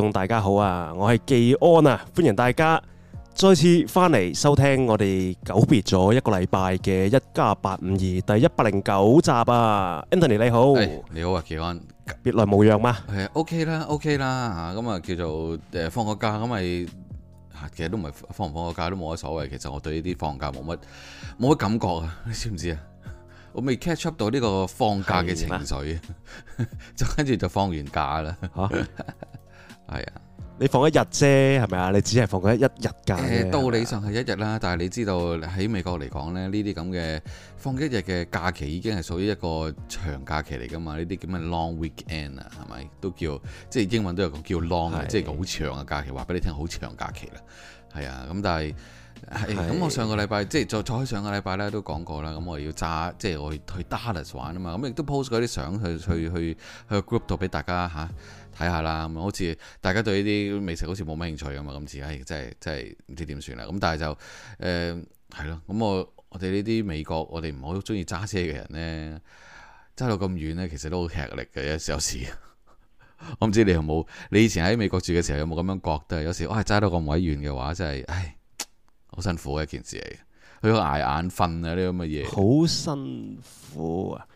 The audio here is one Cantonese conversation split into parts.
眾大家好啊，我係技安啊，歡迎大家再次翻嚟收聽我哋久別咗一個禮拜嘅一加八五二第一百零九集啊，Anthony 你好，你好啊，技安，別來無恙嘛？係 OK 啦，OK 啦吓，咁啊叫做誒放個假咁咪，其實都唔係放唔放個假都冇乜所謂，其實我對呢啲放假冇乜冇乜感覺啊，你知唔知啊？我未 catch up 到呢個放假嘅情緒，就跟住就放完假啦吓。係啊，你放一日啫，係咪啊？你只係放咗一日假。誒、欸，道理上係一日啦，但係你知道喺美國嚟講咧，呢啲咁嘅放一日嘅假期已經係屬於一個長假期嚟噶嘛？呢啲叫咩 long weekend 啊？係咪？都叫即係英文都有個叫 long 嘅、啊，即係好長嘅假期。話俾你聽，好長假期啦。係啊，咁但係係咁，欸啊欸、我上個禮拜即係再在上個禮拜咧都講過啦。咁我要揸即係我去 Dallas 玩啊嘛。咁亦都 post 嗰啲相去去去去，去 group 度俾大家吓。啊睇下啦，咁好似大家對呢啲美食好似冇咩興趣咁嘛。今次，唉、哎，真係真係唔知點算啦。咁但係就誒係咯，咁、呃、我我哋呢啲美國，我哋唔好中意揸車嘅人呢。揸到咁遠呢，其實都好吃力嘅。有時我唔知你有冇，你以前喺美國住嘅時候有冇咁樣覺得？有時哇，揸到咁鬼遠嘅話，真係唉，好辛苦嘅、啊、一件事嚟，佢去捱眼瞓啊呢咁嘅嘢，好辛苦啊！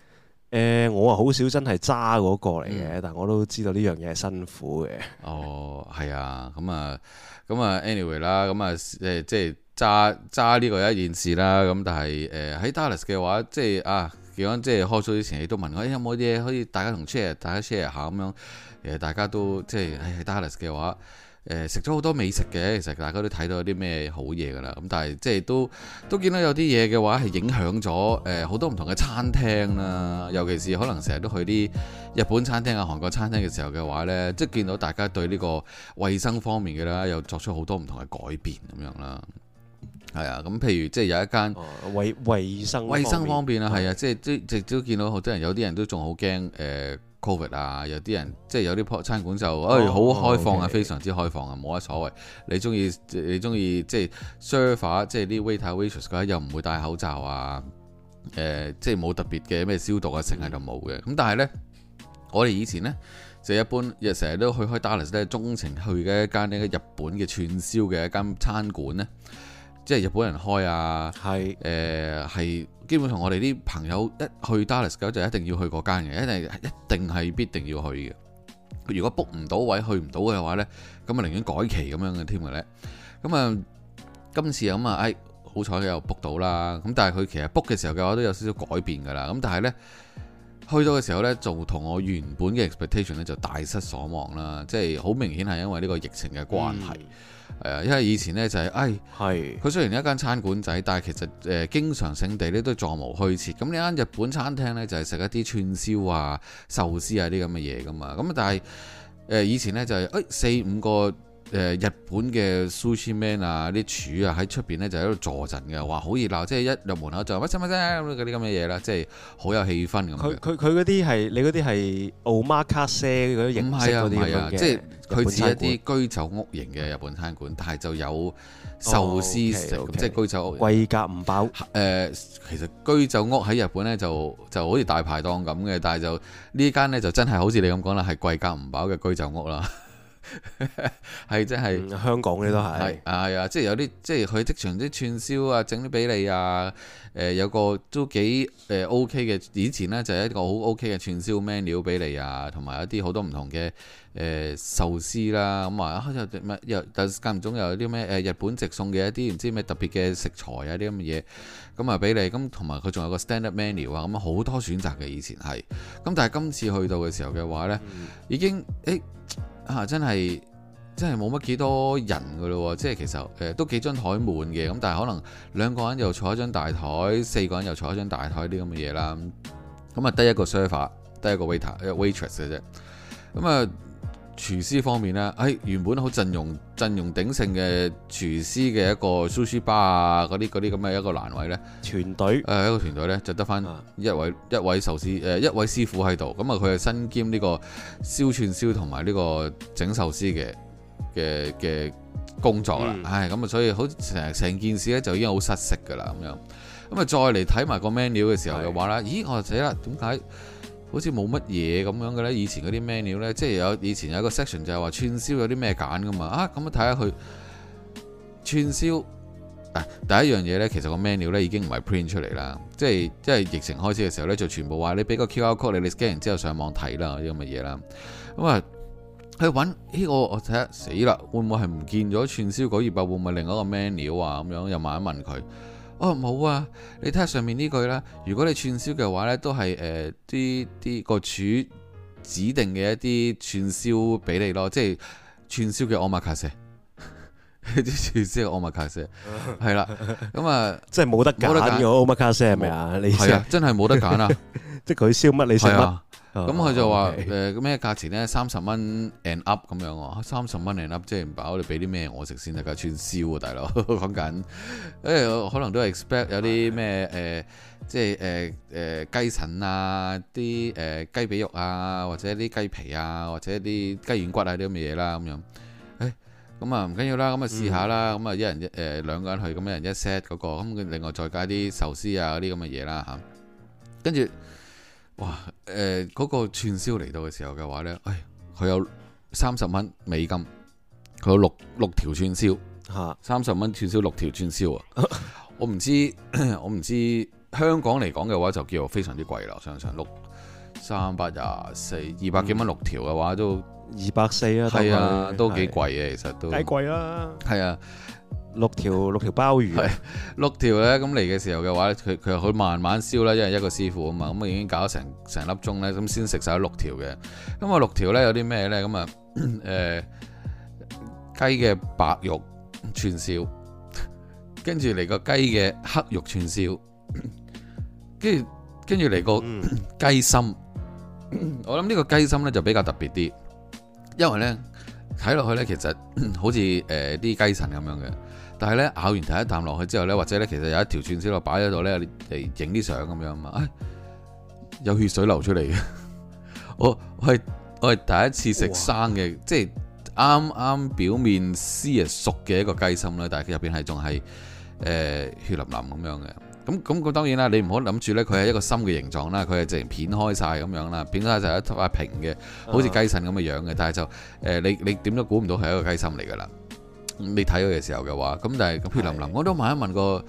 誒我啊好少真係揸嗰個嚟嘅，但我都知道呢樣嘢係辛苦嘅。哦、呃，係啊，咁啊，咁啊，anyway 啦，咁啊，誒即係揸揸呢個係一件事啦。咁但係誒喺 Dallas 嘅話，即係啊，點講？即係開 show 之前，你都問我、哎，有冇啲嘢可以大家同 share，大家 share 下咁樣誒，大家都即係喺、哎、Dallas 嘅話。誒食咗好多美食嘅，其實大家都睇到有啲咩好嘢噶啦，咁但係即係都都見到有啲嘢嘅話係影響咗誒好多唔同嘅餐廳啦，尤其是可能成日都去啲日本餐廳啊、韓國餐廳嘅時候嘅話呢，即係見到大家對呢個衞生方面嘅啦，又作出好多唔同嘅改變咁樣啦。係啊，咁譬如即係有一間衞、哦、衞生、衞生方面、嗯、啊，係啊對，即係即係都見到好多人有啲人都仲好驚誒。呃 Covid 啊，有啲人即係有啲鋪餐館就誒、哦哎、好，好開放啊，哦 okay. 非常之開放啊，冇乜所謂。你中意你中意即係 serve 即係啲 waiter waiters 嗰啲又唔會戴口罩啊，誒、呃、即係冇特別嘅咩消毒啊，剩喺度冇嘅。咁、嗯嗯、但係咧，我哋以前咧就一般日成日都去開 Dallas 咧，鍾情去嘅一間呢個日本嘅串燒嘅一間餐館咧，即係日本人開啊，係誒係。呃基本上我哋啲朋友一去 Dallas 就一定要去嗰間嘅，一定一定係必定要去嘅。如果 book 唔到位去唔到嘅話呢，咁啊寧願改期咁樣嘅添嘅呢。咁啊今次啊咁啊，哎好彩佢又 book 到啦。咁但係佢其實 book 嘅時候嘅話都有少少改變噶啦。咁但係呢，去到嘅時候呢，就同我原本嘅 expectation 呢就大失所望啦。即係好明顯係因為呢個疫情嘅關係。嗯係啊，因為以前呢、就係，就係誒，係佢是雖然一間餐館仔，但係其實誒、呃、經常性地呢都座無虛設。咁呢間日本餐廳呢，就係食一啲串燒啊、壽司啊啲咁嘅嘢噶嘛。咁但係、呃、以前呢、就係，就係誒四五個。誒日本嘅 sushi man 啊，啲柱啊喺出邊咧就喺度坐陣嘅，話好熱鬧，即係一入門口就乜聲乜聲咁嗰啲咁嘅嘢啦，即係好有氣氛咁。佢佢佢嗰啲係，你嗰啲係奧馬卡社嗰啲形式嗰啲？唔係啊，唔係啊，即係佢似一啲居酒屋型嘅日本餐館，但係就有壽司食，oh, okay, okay. 即係居酒屋。貴格唔飽。誒、呃，其實居酒屋喺日本咧就就好似大排檔咁嘅，但係就呢間咧就真係好似你咁講啦，係貴格唔飽嘅居酒屋啦。係即係香港呢都係係啊，即係有啲即係佢職場啲串燒啊，整啲俾你啊。誒、呃，有個都幾誒 O K 嘅，以前呢，就係一個好 O K 嘅串燒 menu 俾你、呃、啊，同埋一啲好多唔同嘅誒壽司啦。咁啊，一又間唔中又有啲咩日本直送嘅一啲唔知咩特別嘅食材啊啲咁嘅嘢，咁啊俾你咁，同埋佢仲有，有個 stand up menu 啊，咁、嗯、好多選擇嘅，以前係咁，但係今次去到嘅時候嘅話呢，已經誒。欸欸欸欸啊！真係真係冇乜幾多人㗎咯，即係其實誒、呃、都幾張台滿嘅，咁但係可能兩個人又坐一張大台，四個人又坐一張大台啲咁嘅嘢啦。咁、嗯、啊，得一個 server，得一個 waiter，一個 waitress 嘅、呃、啫。咁啊～、嗯呃廚師方面呢，誒、哎、原本好陣容陣容鼎盛嘅廚師嘅一個壽司吧啊，嗰啲啲咁嘅一個攤位呢，團隊誒、呃、一個團隊呢，就得返一位一位壽司誒、呃、一位師傅喺度，咁啊佢係身兼呢個燒串燒同埋呢個整壽司嘅嘅嘅工作啦，唉咁啊所以好成成件事呢，就已經好失色㗎啦咁樣，咁啊再嚟睇埋個 menu 嘅時候又話啦，的咦我就死啦點解？哦好似冇乜嘢咁樣嘅咧，以前嗰啲 menu 咧，即係有以前有一個 section 就係話串燒有啲咩揀㗎嘛，啊咁啊睇下佢串燒第一樣嘢呢，其實個 menu 咧已經唔係 print 出嚟啦，即係即係疫情開始嘅時候呢，就全部話你俾個 QR code 你你 scan 完之後上網睇啦啲咁嘅嘢啦，咁啊去揾咦、欸、我我睇下死啦，會唔會係唔見咗串燒嗰頁啊？會唔會另一個 menu 啊咁樣又問一問佢？哦，冇啊，你睇下上面呢句啦。如果你串燒嘅話咧，都係誒啲啲個處指定嘅一啲串燒俾你咯，即係串燒嘅奧馬卡西，啲串燒嘅奧馬卡西係啦。咁啊， 即係冇得揀嘅奧馬卡西係咪啊？ 你係啊，真係冇得揀啊？即係佢燒乜你食乜。咁佢、嗯、就話誒咩價錢咧、啊？三十蚊 and up 咁樣喎，三十蚊 and up 即係唔飽，你俾啲咩我食先啊？大家串燒啊，大佬講緊誒，可能都係 expect 有啲咩誒，即係誒誒雞腎啊，啲誒、呃、雞髀肉啊，或者啲雞皮啊，或者啲雞軟骨啊啲咁嘅嘢啦咁樣。誒咁啊唔緊要啦，咁啊試下啦，咁啊、嗯、一人誒、呃、兩個人去咁樣，一人一 set 嗰、那個，咁另外再加啲壽司啊嗰啲咁嘅嘢啦吓，跟住。哇！誒、呃、嗰、嗰個串燒嚟到嘅時候嘅話呢，誒佢有三十蚊美金，佢有六六條串燒，嚇三十蚊串燒六條串燒啊！我唔知我唔知香港嚟講嘅話就叫做非常之貴啦，上上六三百廿四二百幾蚊六條嘅話都二百四啊，啊，都幾會貴啊，是其實都太貴啦，係啊！六條六條鮑魚，六條呢。咁嚟嘅時候嘅話，佢佢佢慢慢燒啦，因為一個師傅啊嘛，咁啊已經搞咗成成粒鐘呢。咁先食晒咗六條嘅。咁啊，六條呢？有啲咩呢？咁啊，誒雞嘅白肉串燒，跟住嚟個雞嘅黑肉串燒，跟住跟住嚟個雞、嗯、心。我諗呢個雞心呢就比較特別啲，因為呢，睇落去呢，其實好似誒啲雞腎咁樣嘅。但係咧咬完第一啖落去之後咧，或者咧其實有一條串燒落擺喺度咧嚟影啲相咁樣啊、哎！有血水流出嚟嘅， 我我係我係第一次食生嘅，哇即係啱啱表面絲啊熟嘅一個雞心啦，但係佢入邊係仲係誒血淋淋咁樣嘅。咁咁咁當然啦，你唔好諗住咧，佢係一個心嘅形狀啦，佢係直情片開晒咁樣啦，片開曬就一塊平嘅，好似雞腎咁嘅樣嘅，啊、但係就誒、呃、你你點都估唔到係一個雞心嚟㗎啦。未睇佢嘅時候嘅話，咁但係血淋淋，我都問一問個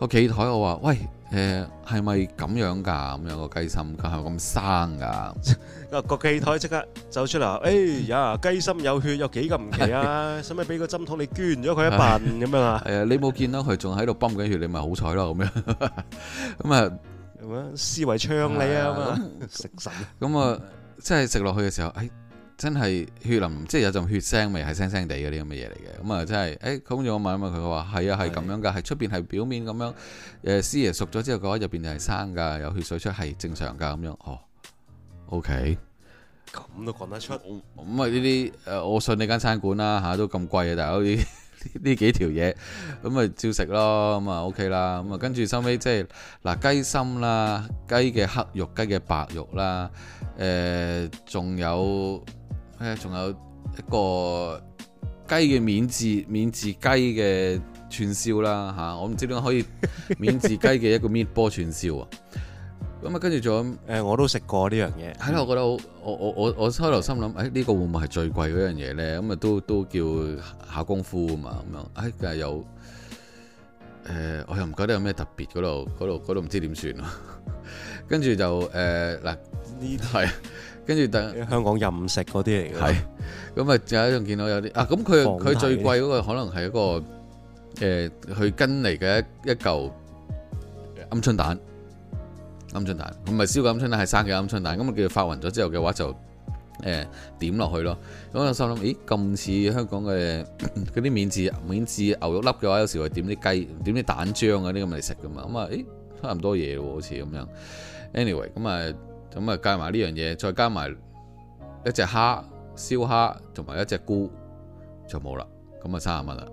個櫃台，我話：喂，誒係咪咁樣㗎？咁樣個雞心係咁生㗎？個個櫃台即刻走出嚟話： 哎呀，雞心有血有幾咁唔奇啊？使唔使俾個針筒你捐咗佢一瓣咁樣啊？誒， 你冇見到佢仲喺度泵緊血，你咪好彩咯咁樣。咁 樣啊，咁啊， 思維暢利啊嘛， 食神。咁啊， 即係食落去嘅時候， 真係血淋，即係有陣血腥味，係腥腥地嗰啲咁嘅嘢嚟嘅。咁啊，真、欸、係，誒，咁樣我問一問佢，佢話係啊，係咁樣噶，係出邊係表面咁樣。誒是，師爺、呃、熟咗之後，覺得入邊就係生噶，有血水出係正常噶咁、啊 okay、樣。哦，OK，咁都講得出。咁、呃、啊，呢啲誒，我信呢間餐館啦吓，都咁貴啊，大佬啲呢幾條嘢，咁咪照食咯，咁啊、嗯、OK 啦，咁、就是、啊跟住收尾即係嗱雞心啦，雞嘅黑肉、雞嘅白肉啦，誒仲有。誒，仲有一個雞嘅免治免治雞嘅串燒啦，吓我唔知點解可以免治雞嘅一個免波串燒啊！咁、嗯、啊，跟住仲誒，我都食過呢樣嘢。係啦、嗯啊，我覺得我我我我開頭心諗，誒、哎、呢、這個會唔會係最貴嗰樣嘢咧？咁、嗯嗯、啊都都叫下功夫啊嘛，咁樣誒，但有，誒、呃，我又唔覺得有咩特別嗰度嗰度嗰度唔知點算啊。跟住就誒嗱、呢、呃、題。是跟住等香港任食嗰啲嚟嘅，係咁啊！就有一樣見到有啲啊，咁佢佢最貴嗰個可能係一個誒，佢、呃、跟嚟嘅一嚿鵪鶉蛋、鵪鶉蛋，唔係燒嘅鵪鶉蛋，係生嘅鵪鶉蛋。咁、嗯、啊，叫佢發勻咗之後嘅話就誒、呃、點落去咯。咁我心諗，咦咁似香港嘅嗰啲免治免治牛肉粒嘅話，有時會點啲雞點啲蛋漿啊啲咁嚟食噶嘛。咁啊，咦差唔多嘢喎，好似咁樣。anyway，咁啊。嗯嗯嗯咁啊，加埋呢樣嘢，再加埋一隻蝦燒蝦，同埋一隻菇，就冇啦。咁啊，三十蚊啦。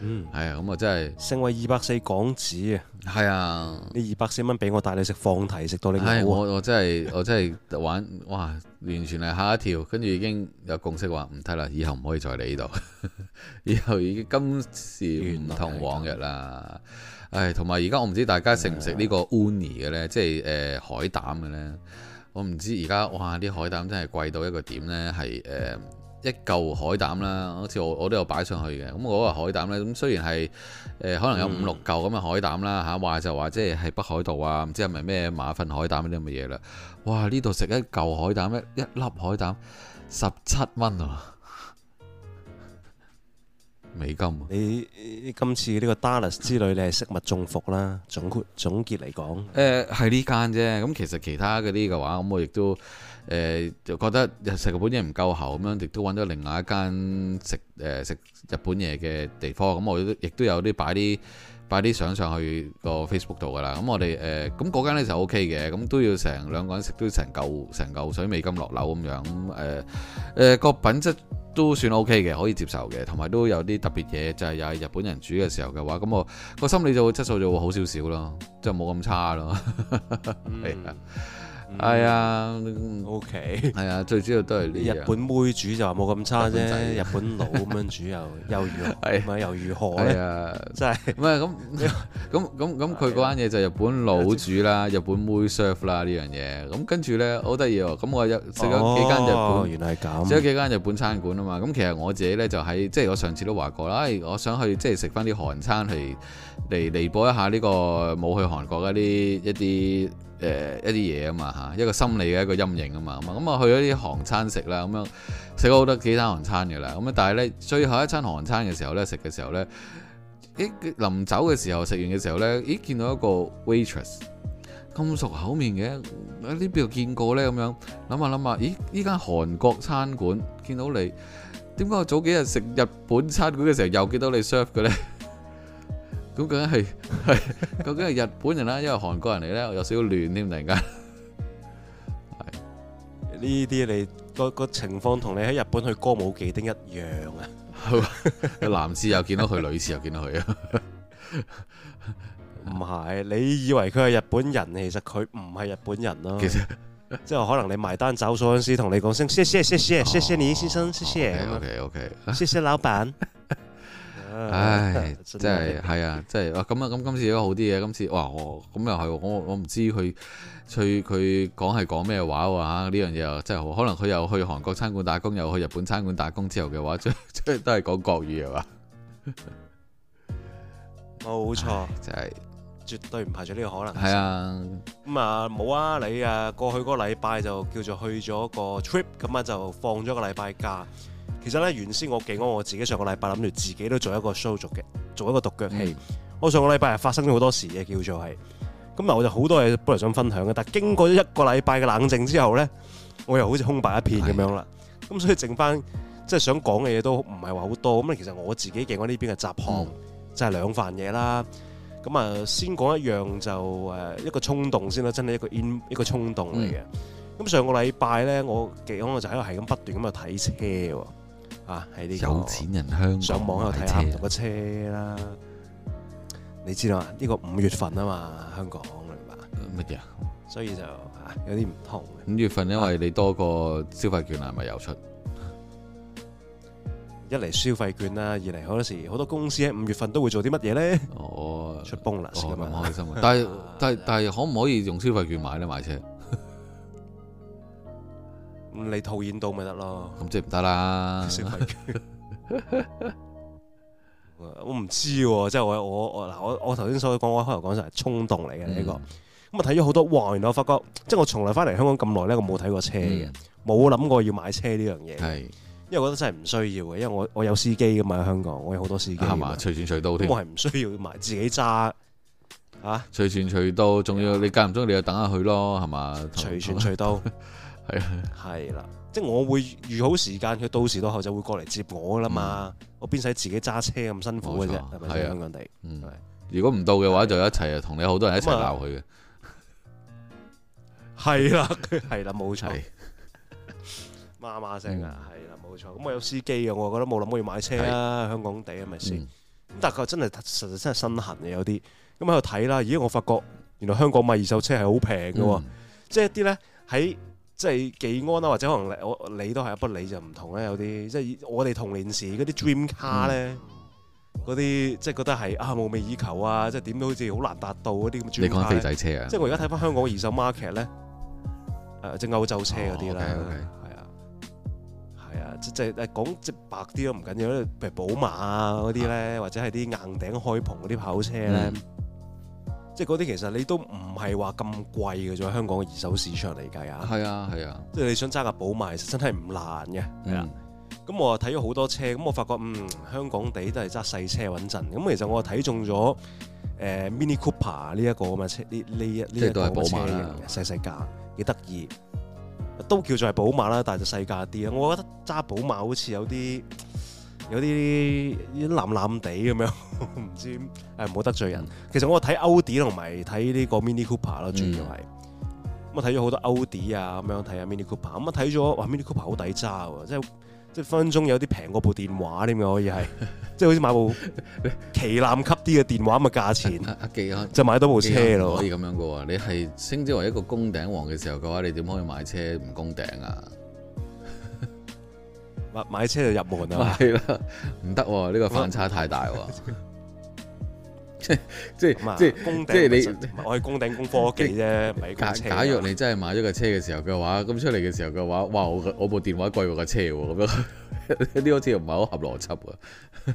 嗯，係啊，咁我真係升為二百四港紙啊。係啊，你二百四蚊俾我帶你食放題，食到你、哎、我我真係我真係玩，哇！完全係嚇一跳，跟住已經有共識話唔得啦，以後唔可以再嚟呢度。 以後已經今時唔同往日啦。誒，同埋而家我唔知大家食唔食呢個 uni 嘅呢？即係誒、呃、海膽嘅呢？我唔知而家哇，啲海膽真係貴到一個點呢？係誒、呃、一嚿海膽啦。好似我我都有擺上去嘅。咁我話海膽呢，咁雖然係誒、呃、可能有五六嚿咁嘅海膽啦嚇、啊，話就話即係喺北海道啊，唔知係咪咩馬糞海膽嗰啲咁嘅嘢啦。哇！呢度食一嚿海膽咧，一粒海膽十七蚊啊！美金，你 今次呢個 Dallas 之旅，你係食物中伏啦。總括總結嚟講，誒係呢間啫。咁其實其他嗰啲嘅話，咁我亦都誒就、呃、覺得食日本嘢唔夠喉咁樣，亦都揾咗另外一間食誒、呃、食日本嘢嘅地方。咁我亦都有啲擺啲，擺啲相上去個 Facebook 度噶啦，咁我哋誒咁嗰間咧就 O K 嘅，咁都要成兩個人食都要成嚿成嚿水味咁落樓咁樣，咁誒誒個品質都算 O K 嘅，可以接受嘅，同埋都有啲特別嘢，就係又係日本人煮嘅時候嘅話，咁我個心理就會質素就會好少少咯，就冇咁差咯，係 啊。係啊，O K。係 啊，Okay 最主要都係呢。日本妹煮就話冇咁差啫，日本佬咁樣煮又如何，係咪又如何？係啊，真係。唔係咁，咁咁咁，佢嗰間嘢就日本佬煮啦，是啊、日本妹 serve 啦呢樣嘢。咁跟住咧，好得意喎。咁我有食咗幾間日本，哦、原來係咁。食咗幾間日本餐館啊嘛。咁其實我自己咧就喺，即係我上次都話過啦、哎。我想去即係食翻啲韓餐，嚟嚟彌補一下呢個冇去韓國嗰啲一啲。誒、呃、一啲嘢啊嘛嚇，一個心理嘅一個陰影啊嘛，咁、嗯、啊、嗯、去咗啲韓餐食啦，咁樣食咗好多幾餐韓餐噶啦，咁、嗯、啊但係咧最後一餐韓餐嘅時候咧，食嘅時候咧，咦臨走嘅時候食完嘅時候咧，咦見到一個 waitress 咁熟口面嘅，喺呢邊又見過咧，咁樣諗下諗下，咦依間韓國餐館見到你，點解我早幾日食日本餐館嘅時候又見到你 serve 嘅咧？咁究竟係，係 究竟係日本人啦，因為韓國人嚟咧，有少少亂添，突然間。呢 啲你個情況同你喺日本去歌舞伎町一樣啊！ 男士又見到佢，女士又見到佢啊！唔係，你以為佢係日本人，其實佢唔係日本人咯、啊。其實，即係可能你埋單走數嗰陣時聲，同你講聲，謝謝謝謝謝謝你先生，謝謝。謝謝哦哦、OK OK，, okay. 謝謝老闆。 唉，真係係 啊，真係哇咁，啊，咁今次都好啲嘢，今次，今次哇，哇我咁又係我我唔知佢佢佢講係講咩話喎，呢樣嘢又真係可能佢又去韓國餐館打工，又去日本餐館打工之後嘅話，即係都係講國語係嘛？冇錯、 哦，就係、是、絕對唔排除呢個可能。係啊，咁、嗯、啊冇啊，你啊過去嗰個禮拜就叫做去咗個 trip，咁啊就放咗個禮拜假。其實咧，原先我技安我自己上個禮拜諗住自己都做一個 show 族嘅，做一個獨腳戲。嗯、我上個禮拜又發生咗好多事嘅，叫做係咁啊。我就好多嘢本嚟想分享嘅，但係經過一個禮拜嘅冷靜之後咧，我又好似空白一片咁樣啦。咁的、嗯、所以剩翻即係想講嘅嘢都唔係話好多。咁其實我自己技安呢邊嘅雜項、嗯、就係兩份嘢啦。咁啊，先講一樣就誒一個衝動先啦，真係一個 in 一個衝動嚟嘅。咁、嗯、上個禮拜咧，我技安就喺度係咁不斷咁啊睇車喎。啊！喺呢有錢人香上網又睇啱咗車啦，車你知道嘛？呢個五月份啊嘛，香港明嘛？乜嘢啊？所以就有啲唔同。五月份因為你多個消費券係咪有出。一嚟消費券啦，二嚟好多時好多公司喺五月份都會做啲乜嘢咧？哦我，出崩 bon 啦，時咁開心 是啊！但係但係但係可唔可以用消費券買咧買車？你套現到咪得咯？咁即係唔得啦！我唔知喎，即係我我我嗱，我我頭先所講，我開頭講就係衝動嚟嘅呢個。咁啊睇咗好多，哇！原來我發覺，即係我從來翻嚟香港咁耐咧，我冇睇過車嘅，冇諗、嗯、過要買車呢樣嘢。係是，因為我覺得真係唔需要嘅，因為我我有司機噶嘛喺香港，我有好多司機、啊。係嘛，隨傳隨到我係唔需要埋自己揸啊！隨傳隨到，仲要你間唔中，你就等下佢咯，係嘛？隨傳隨到。 係係啦，即係我會預好時間，佢到時到後就會過嚟接我啦嘛，我邊使自己揸車咁辛苦嘅啫，係咪先？香港地，如果唔到嘅話就一齊啊，同你好多人一齊鬧佢嘅，係佢係啦，冇錯，媽媽聲啊，係啦，冇錯，咁我有司機嘅，我覺得冇諗我要買車啦，香港地係咪先？咁但係佢真係實實真係身痕嘅有啲，咁喺度睇啦，咦，我發覺原來香港買二手車係好平嘅，即係一啲咧喺。即係技安啊？或者可能我你都係不理就唔同咧、啊。有啲即係我哋童年時嗰啲 dream car 咧，嗰啲、嗯、即係覺得係啊夢寐以求啊，即係點都好似好難達到嗰啲咁。你講飛仔車啊！即係我而家睇翻香港二手 market 咧，誒、啊，即係歐洲車嗰啲啦，係、哦 okay, okay、啊，係啊，即係講直白啲都唔緊要，譬如寶馬啊嗰啲咧，或者係啲硬頂開篷嗰啲跑車咧。嗯即係嗰啲其實你都唔係話咁貴嘅，喺香港嘅二手市場嚟計啊！係啊係啊！即係你想揸架寶馬，其實真係唔難嘅。係、嗯、啊，咁我睇咗好多車，咁我發覺嗯，香港地都係揸細車穩陣。咁、嗯嗯嗯、其實我睇中咗誒、呃、Mini Cooper 呢、這、一個啊嘛，這個這個這個這個、車呢呢一呢一個車型，細細架，幾得意，都叫做係寶馬啦，但係就細架啲啦。我覺得揸寶馬好似有啲。有啲啲濫濫地咁樣，唔知、哎、唔好得罪人。其實我睇奧迪同埋睇呢個 Mini Cooper 咯、嗯，主要係咁啊睇咗好多奧迪啊，咁樣睇下 Mini Cooper。咁啊睇咗話 Mini Cooper 好抵揸喎，即係即係分分鐘有啲平過部電話啲咁可以係，即係好似買部旗艦級啲嘅電話咁嘅 價錢。啊， 就買多部車咯，行 可以咁樣嘅喎。你係升之為一個攻頂王嘅時候嘅話，你點可以買車唔攻頂啊？買買車就入門啊，係啦，唔得呢個反差太大喎。即即即即你我係工頂工科技啫，你假假若你真係買咗架車嘅時候嘅話，咁出嚟嘅時候嘅話，哇！我我部電話貴過架車喎，咁樣，呢好似又唔係好合邏輯啊。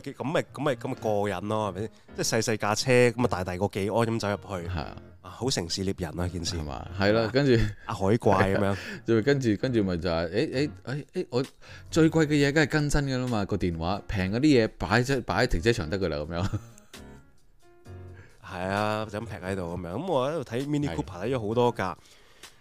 咁咪咁咪咁咪過癮咯，係咪先？即係細細架車咁啊，大大個幾安咁走入去，係啊，好、啊、城市獵人啊件事，係嘛？係咯，跟住阿海怪咁樣，跟住跟住咪就係，誒誒誒誒，我最貴嘅嘢梗係跟真嘅啦嘛，個電話平嗰啲嘢擺咗擺喺停車場得噶啦，咁樣，樣。係啊，就咁劈喺度咁樣，咁我喺度睇 Mini Cooper 睇咗好多架。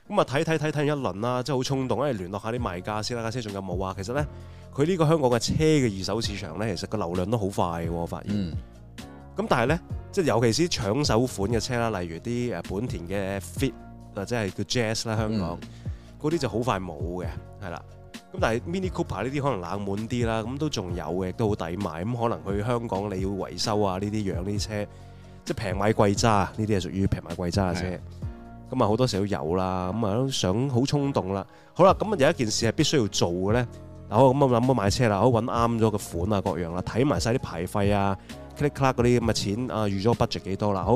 咁啊睇睇睇睇完一輪啦，即係好衝動，跟、哎、住聯絡下啲賣家先啦，架車仲有冇啊？其實咧，佢呢個香港嘅車嘅二手市場咧，其實個流量都好快嘅，我發現。嗯。咁但係咧，即係尤其是搶手款嘅車啦，例如啲誒本田嘅 Fit 或者係叫 Jazz 啦，香港嗰啲、嗯、就好快冇嘅，係啦。咁但係 Mini Cooper 呢啲可能冷門啲啦，咁都仲有嘅，都好抵買。咁可能去香港你要維修啊呢啲養呢啲車，即係平買貴揸啊！呢啲係屬於平買貴揸嘅車。咁啊，好多時都有啦，咁啊都想好衝動啦。好啦，咁啊有一件事係必須要做嘅咧。嗱，我咁啊諗啊買車啦，我揾啱咗個款啊，各樣啦，睇埋晒啲牌費啊，click click 嗰啲咁嘅錢啊，預咗 budget 幾多啦。好，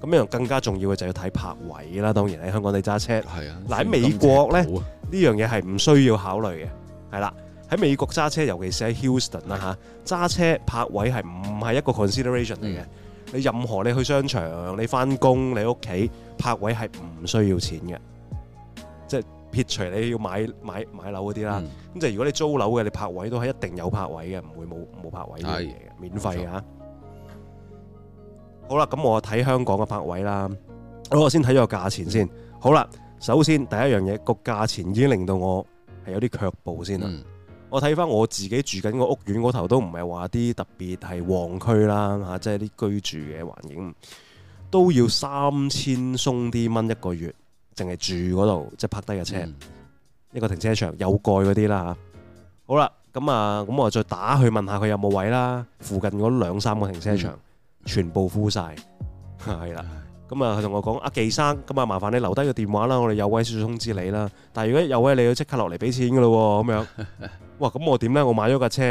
咁一樣更加重要嘅就要睇泊位啦。當然喺香港你揸車，係啊，嗱喺美國咧呢、啊、樣嘢係唔需要考慮嘅，係啦。喺美國揸車，尤其是喺 Houston 啦、啊、嚇，揸車泊位係唔係一個 consideration 嚟嘅。嗯。你任何你去商場、你翻工、你屋企泊位係唔需要錢嘅，即係撇除你要買買買樓嗰啲啦。咁即係如果你租樓嘅，你泊位都係一定有泊位嘅，唔會冇冇泊位呢啲嘢嘅，是免費㗎。錯好啦，咁我睇香港嘅泊位啦。好，我先睇咗個價錢先。好啦，首先第一樣嘢個價錢已經令到我係有啲卻步先啦。嗯我睇翻我自己住緊個屋苑嗰頭都唔係話啲特別係旺區啦，吓即係啲居住嘅環境都要三千鬆啲蚊一個月，淨係住嗰度即係泊低架車，嗯、一個停車場有蓋嗰啲啦吓。好啦，咁啊咁我再打去問下佢有冇位啦。附近嗰兩三個停車場，嗯、全部呼晒係啦。咁啊佢同我講，阿技生，咁啊麻煩你留低個電話啦，我哋有位先通知你啦。但係如果有位，你要即刻落嚟俾錢噶咯，咁樣。 哇！咁我點咧？我買咗架車，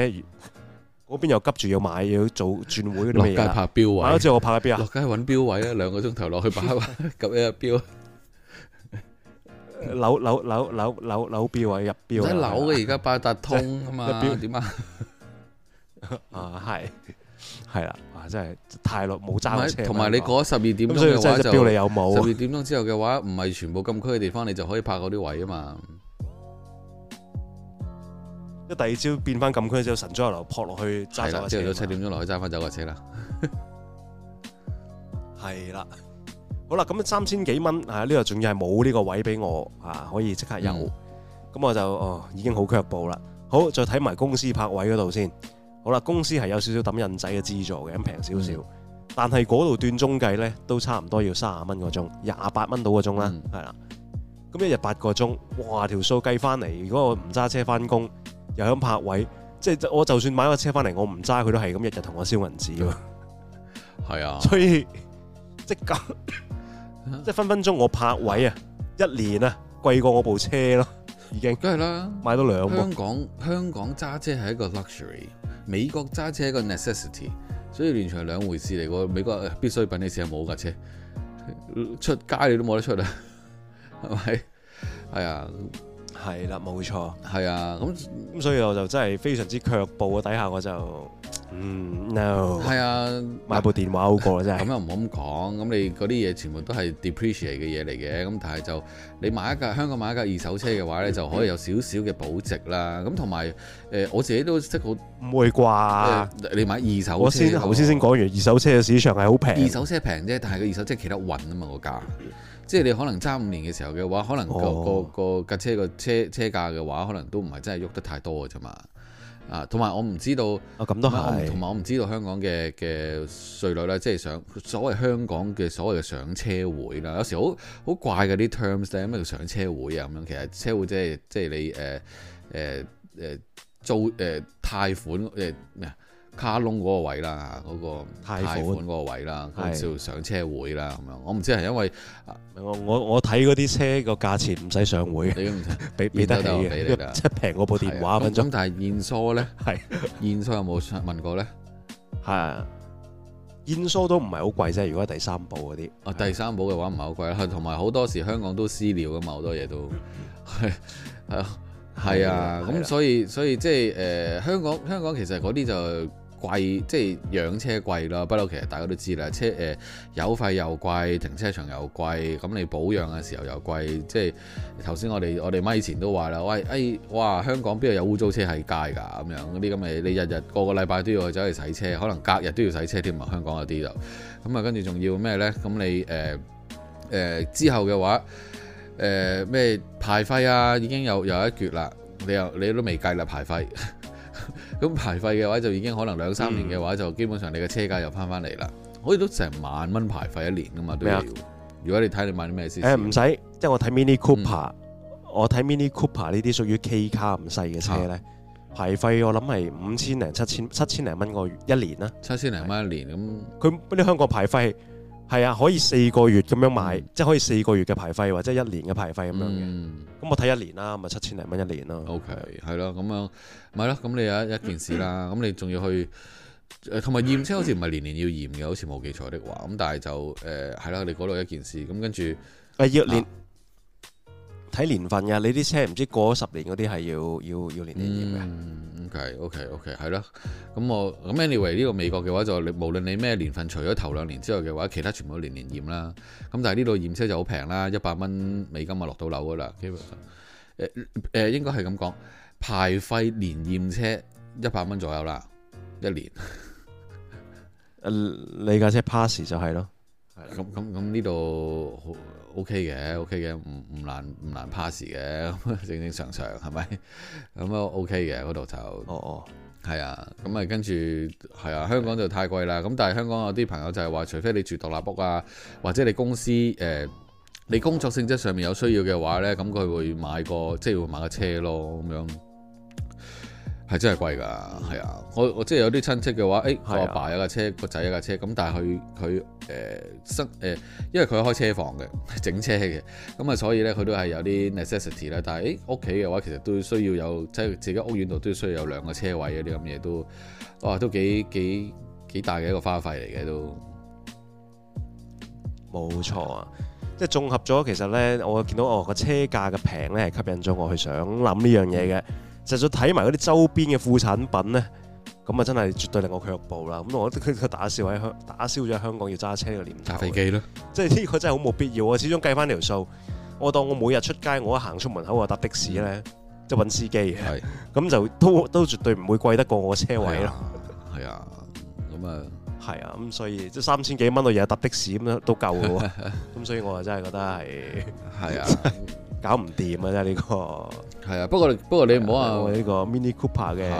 嗰邊又急住要買，要做轉會嗰啲嘢啊！落街拍標位，啊！即係我拍喺邊啊？落街揾標位啊！兩個鐘頭落去拍，咁樣入標。扭扭扭扭扭扭標啊！入標啊！扭嘅而家八達通啊嘛，點啊？啊，係，係啦，啊，真係太耐冇揸車。同埋你過咗十二點鐘嘅話就十二點鐘之後嘅話，唔係全部禁區嘅地方，你就可以拍嗰啲位啊嘛。一第二朝變翻禁區之後，晨早流撲落去揸翻車。係早七點鐘落去揸翻走個車啦。係 啦，好啦，咁三千幾蚊啊！呢度仲要係冇呢個位俾我啊，可以即刻有咁、嗯、我就哦已經好卻步啦。好，再睇埋公司泊位嗰度先。好啦，公司係有少少抌印仔嘅資助嘅，咁平少少，嗯嗯、但係嗰度斷鐘計咧，都差唔多要三十蚊個鐘，廿八蚊到個鐘啦，係啦、嗯。咁一日八個鐘，哇，條數計翻嚟，如果我唔揸車翻工。又想泊位，即係我就算買個車翻嚟，我唔揸佢都係咁日日同我燒銀紙咯。係 啊，所以即係即係分分鐘我泊位啊，一年啊貴過我部車咯，已經。梗係啦，買到兩部。香港香港揸車係一個 luxury，美國揸車係一個 necessity，所以完全係兩回事嚟。我美國必需品你試下冇架車，出街你都冇得出啦。係， 係、哎、啊。係啦，冇錯。係啊，咁咁所以我就真係非常之卻步嘅底下，我就嗯 no，係啊的，買部電話好過啦，真係。咁又唔好咁講，咁你嗰啲嘢全部都係 depreciate 嘅嘢嚟嘅。咁但係就你買一架香港買一架二手車嘅話咧，嗯、就可以有少少嘅保值啦。咁同埋誒，我自己都識好唔會啩、呃？你買二手車我先頭先先講完，二手車嘅市場係好平。二手車平啫，但係個二手車企得穩啊嘛，個價。即係你可能揸五年嘅時候嘅話，可能個個架車個車車，車價嘅話，可能都唔係真係喐得太多嘅啫嘛。啊，同埋我唔知道，咁都係。同埋我唔知道香港嘅嘅稅率咧，即係上所謂香港嘅所謂嘅上車會啦。有時好好怪嘅啲 terms 咧，咩叫上車會啊咁樣？其實車會即係即係你誒誒誒租誒貸、呃、款誒咩啊？呃卡窿嗰個位啦，嗰個貸款嗰個位啦，介紹上車會啦咁樣。我唔知係因為我我我睇嗰啲車個價錢唔使上會，俾俾得你嘅，即係平過部電話分鐘。咁但係現數咧係現數有冇問過咧？啊，現數都唔係好貴啫。如果第三部嗰啲啊，第三部嘅話唔係好貴啦。同埋好多時香港都私了噶嘛，好多嘢都係係啊。咁所以所以即係誒香港香港其實嗰啲就。貴即係養車貴啦，不嬲。其實大家都知啦，車誒油、呃、費又貴，停車場又貴，咁你保養嘅時候又貴。即係頭先我哋我哋咪以前都話啦，喂誒、哎、哇香港邊度有污糟車喺街㗎？咁樣嗰啲咁嘅，你日日個個禮拜都要去走去洗車，可能隔日都要洗車添啊！香港嗰啲就咁啊，跟住仲要咩呢？咁你誒誒、呃呃、之後嘅話誒咩、呃、排費啊，已經有有一撅啦，你又你都未計啦排費。咁排費嘅話就已經可能兩三年嘅話、嗯、就基本上你嘅車價又翻翻嚟啦，好似都成萬蚊排費一年噶嘛都要。麼如果你睇你買啲咩先？誒唔使，即係我睇 Mini Cooper，嗯、我睇 Mini Cooper 呢啲屬於 K 卡咁細嘅車咧，嗯、排費我諗係五千零七千七千零蚊個月一年啦，七千零蚊一年咁。佢啲是香港排費。係啊，可以四個月咁樣買，即係可以四個月嘅牌費或者一年嘅牌費咁樣嘅。咁、嗯、我睇一年啦，咁啊七千零蚊一年咯。OK，係咯，咁啊，咪、就、咯、是，咁你有一件事啦，咁、嗯、哼你仲要去，誒同埋驗車好似唔係年年要驗嘅，嗯、哼好似冇記錯的話，咁但係就誒係啦，你嗰度一件事，咁跟住啊要年。啊睇年份嘅，你啲車唔知過咗十年嗰啲係要要要年年驗嘅。OK OK OK，係咯。咁、okay, okay, 我咁 anyway 呢個美國嘅話就你無論你咩年份，除咗頭兩年之外嘅話，其他全部都年年驗啦。咁但係呢度驗車就好平啦，一百蚊美金啊落到樓噶啦，基本上誒誒、呃呃、應該係咁講，排費年驗車一百蚊左右啦，一年。誒 你架車 pass 就係咯，係咁咁咁呢度。O K 嘅，O K 嘅，唔唔、okay okay、難唔難 pass 嘅，正正常常係咪？咁都 O K 嘅嗰度就，哦哦，係啊，咁啊跟住係啊，香港就太貴啦。咁但係香港有啲朋友就係話，除非你住獨立屋啊，或者你公司誒、呃，你工作性質上面有需要嘅話呢，咁佢會買個即係、就是、會買個車咯咁樣。係真係貴噶，係啊、嗯！我我即係有啲親戚嘅話，誒、哎，佢阿爸，爸有架車，的個仔有架車，咁但係佢佢誒生誒，因為佢開車房嘅，整車嘅，咁啊，所以咧佢都係有啲 necessity 啦。但係誒屋企嘅話，其實都需要有即係自己屋苑度都需要有兩個車位嗰啲咁嘢，都，哇，都幾、嗯、幾幾大嘅一個花費嚟嘅都。冇錯啊！即係綜合咗，其實咧，我見到我個車價嘅平咧，係吸引咗我去想諗呢樣嘢嘅。就算睇埋嗰啲周邊嘅副產品咧，咁啊真係絕對令我卻步啦。咁我覺得佢佢打消喺香打消咗香港要揸車嘅念頭。搭即係呢個真係好冇必要。我始終計翻條數，我當我每日出街，我一行出門口我搭的士咧，嗯、即係揾司機，咁是就都都絕對唔會貴得過我車位咯。係啊，咁啊，係啊，咁所以即三千幾蚊我日日搭的士咁樣都夠嘅喎。咁 所以我又真係覺得係係啊。 搞唔掂啊！真呢、這個係啊，不過、啊、不過你唔好話呢個 Mini Cooper 嘅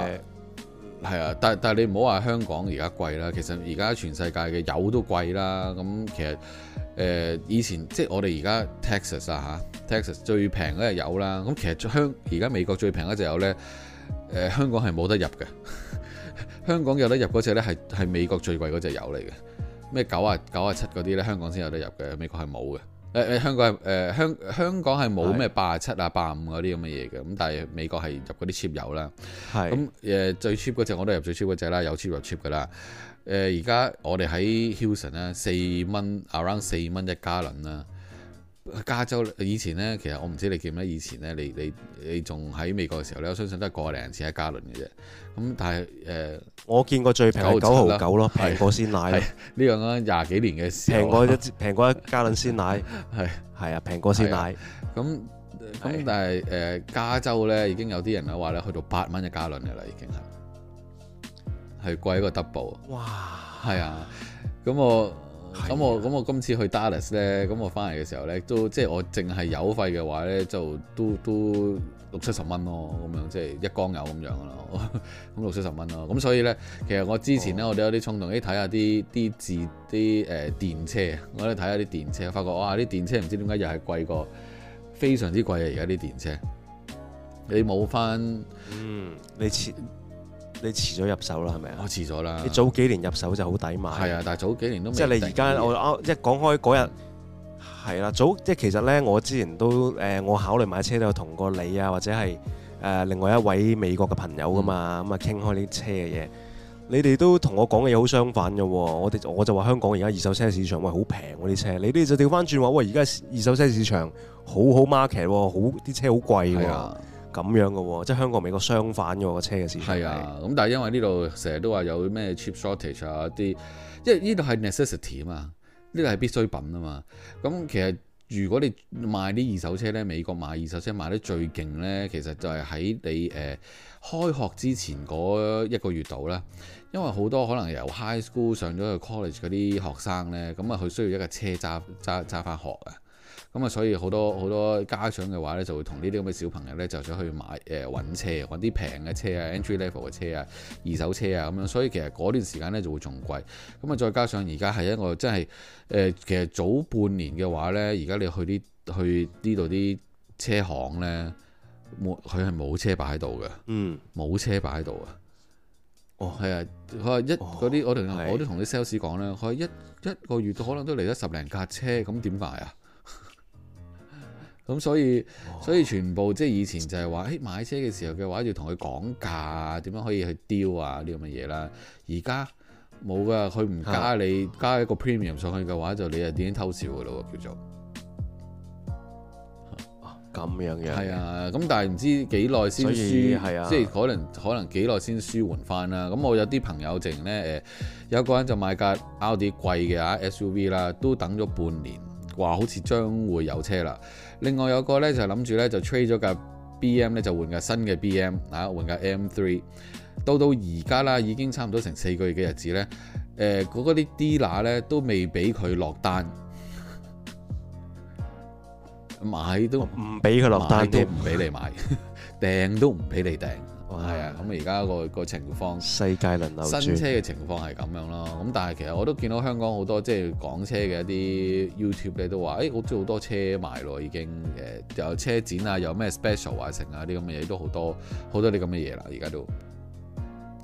係啊，但但係你唔好話香港而家貴啦。其實而家全世界嘅油都貴啦。咁、嗯、其實誒、呃、以前即係我哋而家 Texas 啊嚇，Texas 最平嗰隻油啦。咁、嗯、其實香而家美國最平嗰隻油咧，誒、呃、香港係冇得入嘅。 香港有得入嗰隻咧係係美國最貴嗰隻油嚟嘅。咩九啊九啊七嗰啲咧，香港先有得入嘅，美國係冇嘅。誒誒香港係誒香香港係冇咩八十七啊八十五嗰啲咁嘅嘢嘅，咁、啊、的但係美國係入嗰啲 cheap 油啦，咁誒的、嗯、最 cheap 嗰隻我都入最 cheap 嗰隻啦，有 cheap 入 cheap 嘅啦，誒而家我哋喺 Hilton 咧四蚊 around 四蚊一加侖啦。加州以前咧，其實我唔知你記唔記得以前咧，你你你仲喺美國嘅時候咧，我相信都係個零次喺加侖嘅啫。咁但係誒，呃、我見過最平係九毫九咯，平過鮮奶。呢樣咧，廿幾年嘅事。平過一平過一加侖鮮奶，係係啊，平過鮮奶。咁咁的但係誒、呃，加州咧已經有啲人咧話咧，去到八蚊一加侖嘅啦，已經係係貴一個 double。哇！係啊， 咁我。咁我咁我今次去 Dallas 咧，咁我翻嚟嘅時候咧，都即係我淨係油費嘅話咧，就都都六七十蚊咯，咁樣即係一缸油咁樣噶咯。咁 六七十蚊咯。咁所以咧，其實我之前咧，我都有啲衝動，啲睇下啲啲電啲誒電車。我哋睇下啲電車，發覺哇，啲電車唔知點解又係貴過，非常之貴啊！而家啲電車，你冇翻，嗯，你前。你遲咗入手啦，係咪啊？我遲咗啦。你早幾年入手就好抵買。係啊，但係早幾年都即係你而家我一講開嗰日係啦，早即係其實咧，我之前都誒、呃，我考慮買車都有同過你啊，或者係誒、呃、另外一位美國嘅朋友噶嘛，咁啊傾開呢啲車嘅嘢。你哋都同我講嘅嘢好相反嘅，我哋我就話香港而家二手車市場喂好平嗰啲車，哎啊、你哋就調翻轉話喂而家二手車市場好好 market，哦、好啲車好貴啊。咁樣嘅喎，即係香港、美國相反咗喎，個車嘅市場係啊。咁但係因為呢度成日都話有咩 chip shortage 啊，啲，因為呢度係 necessity 啊嘛，呢度係必需品啊嘛。咁其實如果你賣啲二手車呢，美國賣二手車賣得最勁呢，其實就係喺你誒開學之前嗰一個月度啦，因為好多可能由 high school 上咗去 college 嗰啲學生呢，咁啊佢需要一個車揸揸揸返學啊。咁啊，所以好多好多家長嘅話呢，就會同呢啲咁嘅小朋友呢，就想去買誒揾、呃、車，揾啲平嘅車啊，entry level 嘅車啊，二手車啊咁樣。所以其實嗰段時間呢，就會仲貴。咁啊，再加上而家係一個真係誒、呃，其實早半年嘅話呢，而家你去啲去呢度啲車行呢，佢係冇車擺喺度嘅，嗯，冇車擺喺度啊。哦，係啊，佢話一嗰啲我哋，我都同啲 sales 講咧，佢話一一個月都可能都嚟咗十零架車，咁點賣啊？咁所以所以全部即係以前就係話，誒、欸、買車嘅時候嘅話，要同佢講價啊，點樣可以去丟啊呢咁嘅嘢啦。而家冇噶，佢唔加你、啊、加一個 premium 上去嘅話，就你係點樣偷笑嘅咯，叫做咁樣嘅係啊。咁但係唔知幾耐先舒係啊，啊即係可能可能幾耐先舒緩翻啦。咁我有啲朋友剩咧誒、呃，有個人就買架 Audi 啲貴嘅啊 S U V 啦，SUV，都等咗半年，話好似將會有車啦。另外有個呢，就諗住呢，就 t r 咗架 B M 呢就換架新嘅 B、啊、M 嗱換架 M3，到到而家啦已經差唔多成四個月嘅日子呢，誒嗰嗰啲 D 拿呢都未俾佢落單。買都唔俾佢落單，都唔俾你買， 訂都唔俾你訂，係哇啊！咁而家個個情況，世界輪流新車嘅情況係咁樣咯。咁但係其實我都見到香港好多即係、就是、港車嘅一啲 YouTube 咧都話，誒、欸，我知好多車賣咯，已經誒有車展有啊，有咩 special 啊，剩啊啲咁嘅嘢都好多好多啲咁嘅嘢啦。而家都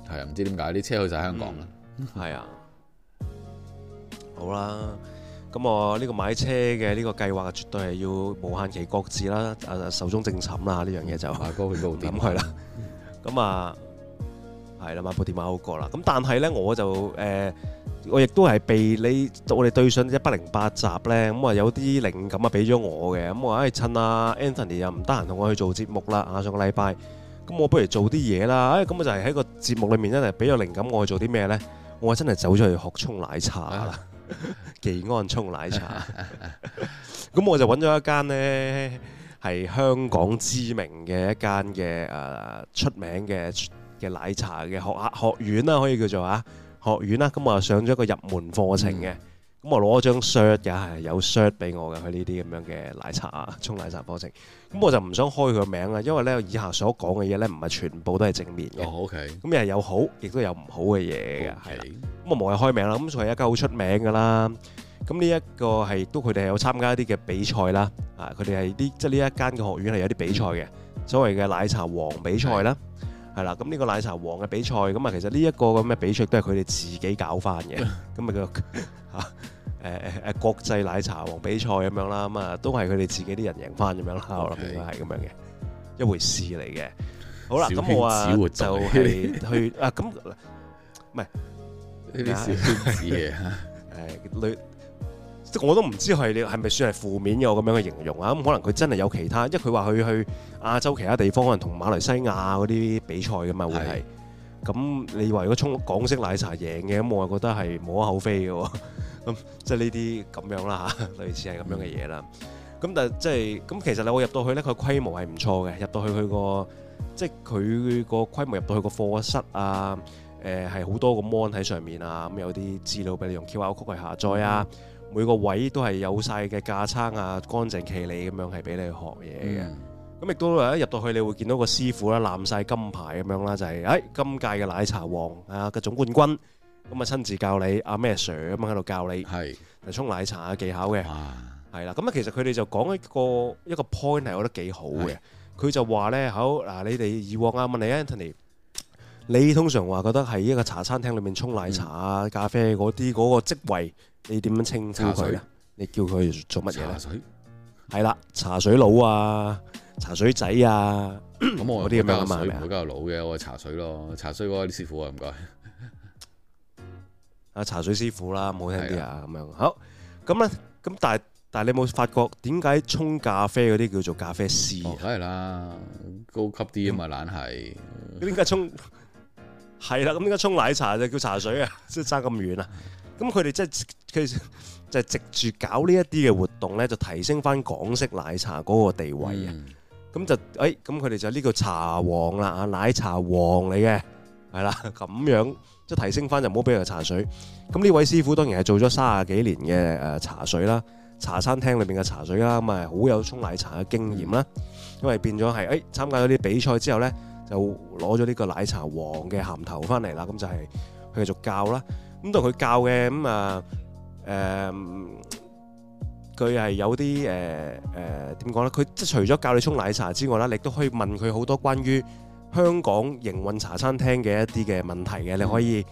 係啊，唔知點解啲車去晒香港啦，係啊，好啦。咁我呢個買車嘅呢個計劃，絕對係要無限期擱置啦！壽終正寢啦！呢樣嘢就阿哥去部電話啦。咁啊，係啦，買部電話好過啦。咁但係咧，我就誒、um，我亦都係被你我哋對上一百零八集咧，咁啊有啲靈感啊俾咗我嘅。咁我誒，趁啊 Anthony 又唔得閒同我去做節目啦。啊，上個禮拜，咁我不如做啲嘢啦。誒，咁我就係喺個節目裏面真係俾咗靈感，我去做啲咩咧？我真係走咗去學沖奶茶啦。技 安沖奶茶，咁 我就揾咗一間呢，係香港知名嘅一間嘅誒出名嘅嘅奶茶嘅學學院啦，可以叫做啊學院啦。咁我就上咗個入門課程嘅。嗯咁我攞張 shirt 嘅係有 shirt 俾我嘅佢呢啲咁樣嘅奶茶啊，沖奶茶課程。咁我就唔想開佢個名啦，因為咧我以下所講嘅嘢咧唔係全部都係正面嘅。OK 咁又係有好，亦都有唔好嘅嘢嘅，係 Okay.。咁我無謂開名啦。咁佢係一家好出名嘅啦。咁呢一個係都佢哋係有參加一啲嘅比賽啦。啊，佢哋係啲即係呢一間嘅學院係有啲比賽嘅，所謂嘅奶茶王比賽啦。嗯係啦，咁呢個奶茶王嘅比賽，咁啊，其實呢一個咁嘅比賽都係佢哋自己搞翻嘅，咁啊叫吓誒誒誒國際奶茶王比賽咁樣啦，咁啊都係佢哋自己啲人贏翻咁 Okay. 樣啦，我諗應該係咁樣嘅一回事嚟嘅。好啦，咁圈我啊我就係去 啊咁唔係呢啲小圈子嘅誒女。 啊啊即我都唔知係，你係咪算係負面有咁樣嘅形容啊，咁可能佢真係有其他，因為佢話佢去亞洲其他地方，可能同馬來西亞嗰啲比賽嘅嘛會係咁。是的 你話如果沖港式奶茶贏嘅咁，我就覺得係無可厚非嘅喎。咁即係呢啲咁樣啦嚇，類似係咁樣嘅嘢啦。咁、嗯、但係即係咁，其實你我入到去咧，佢規模係唔錯嘅。入到去佢個即係佢個規模入到去個課室啊，誒係好多個 mon 喺上面啊，咁有啲資料俾你用 QR code 去下載啊。嗯每個位都係有晒嘅架撐啊，乾淨企理咁樣係俾你學嘢嘅。咁亦、嗯、都啊入到去，你會見到個師傅啦，攬晒金牌咁樣啦，就係、是、誒、哎、今屆嘅奶茶王啊嘅總冠軍，咁、嗯、啊親自教你阿咩、啊、Sir 咁樣喺度教你，係沖是奶茶嘅技巧嘅。係啦、啊，咁啊其實佢哋就講一個一個 point 係我覺得幾好嘅，佢是就話咧好嗱，你哋以往啊問你 Anthony。你通常話覺得喺一個茶餐廳裏面沖奶茶啊、咖啡嗰啲嗰個職位，你點樣稱呼佢啊？你叫佢做乜嘢茶水？係啦，茶水佬啊，茶水仔啊，咁我啲咁樣啊，唔好加個佬嘅，我係茶水咯。茶水嗰啲師傅啊，唔該啊，茶水師傅啦，好聽啲啊咁樣好咁咧。咁但係但係你有冇發覺點解沖咖啡嗰啲叫做咖啡師？梗係啦，高級啲啊嘛，懶係點解沖？係啦，咁點解沖奶茶就叫茶水啊，即係爭咁遠啊！咁佢哋即係佢就係直住搞呢一啲嘅活動咧，就提升翻港式奶茶嗰個地位啊！咁、嗯、就誒，咁佢哋就呢個茶王啦，啊，奶茶王嚟嘅，係啦，咁樣即係提升翻，就唔好俾佢茶水。咁呢位師傅當然係做咗三十幾年嘅誒茶水啦，茶餐廳裏邊嘅茶水啦，咁係好有沖奶茶嘅經驗啦、啊。因為變咗係誒參加咗啲比賽之後咧。又攞咗呢個奶茶王嘅鹹頭翻嚟啦，咁就係佢繼續教啦。咁同佢教嘅咁啊，誒、呃，佢、呃、係有啲誒誒點講咧？佢即係除咗教你沖奶茶之外啦，你都可以問佢好多關於香港營運茶餐廳嘅一啲嘅問題嘅，嗯、你可以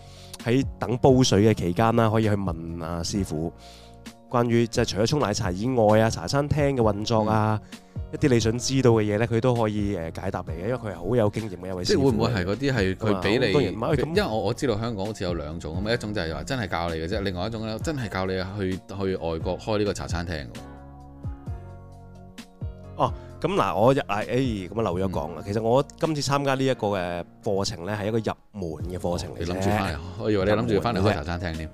喺等煲水嘅期間啦，可以去問阿、啊、師傅。關於即係除咗沖奶茶以外啊，茶餐廳嘅運作啊，嗯、一啲你想知道嘅嘢咧，佢都可以誒解答你嘅，因為佢係好有經驗嘅一位師傅。即係會唔會係嗰啲係佢俾你？當然咁。因為我我知道香港好似有兩種咁，一種就係話真係教你嘅啫，另外一種咧真係教你去去外國開呢個茶餐廳。哦，咁嗱，我誒誒咁漏咗講啦。嗯、其實我今次參加呢一個嘅課程咧，係一個入門嘅課程嚟、哦、你諗住翻嚟？我以為你諗住翻嚟開茶餐廳添。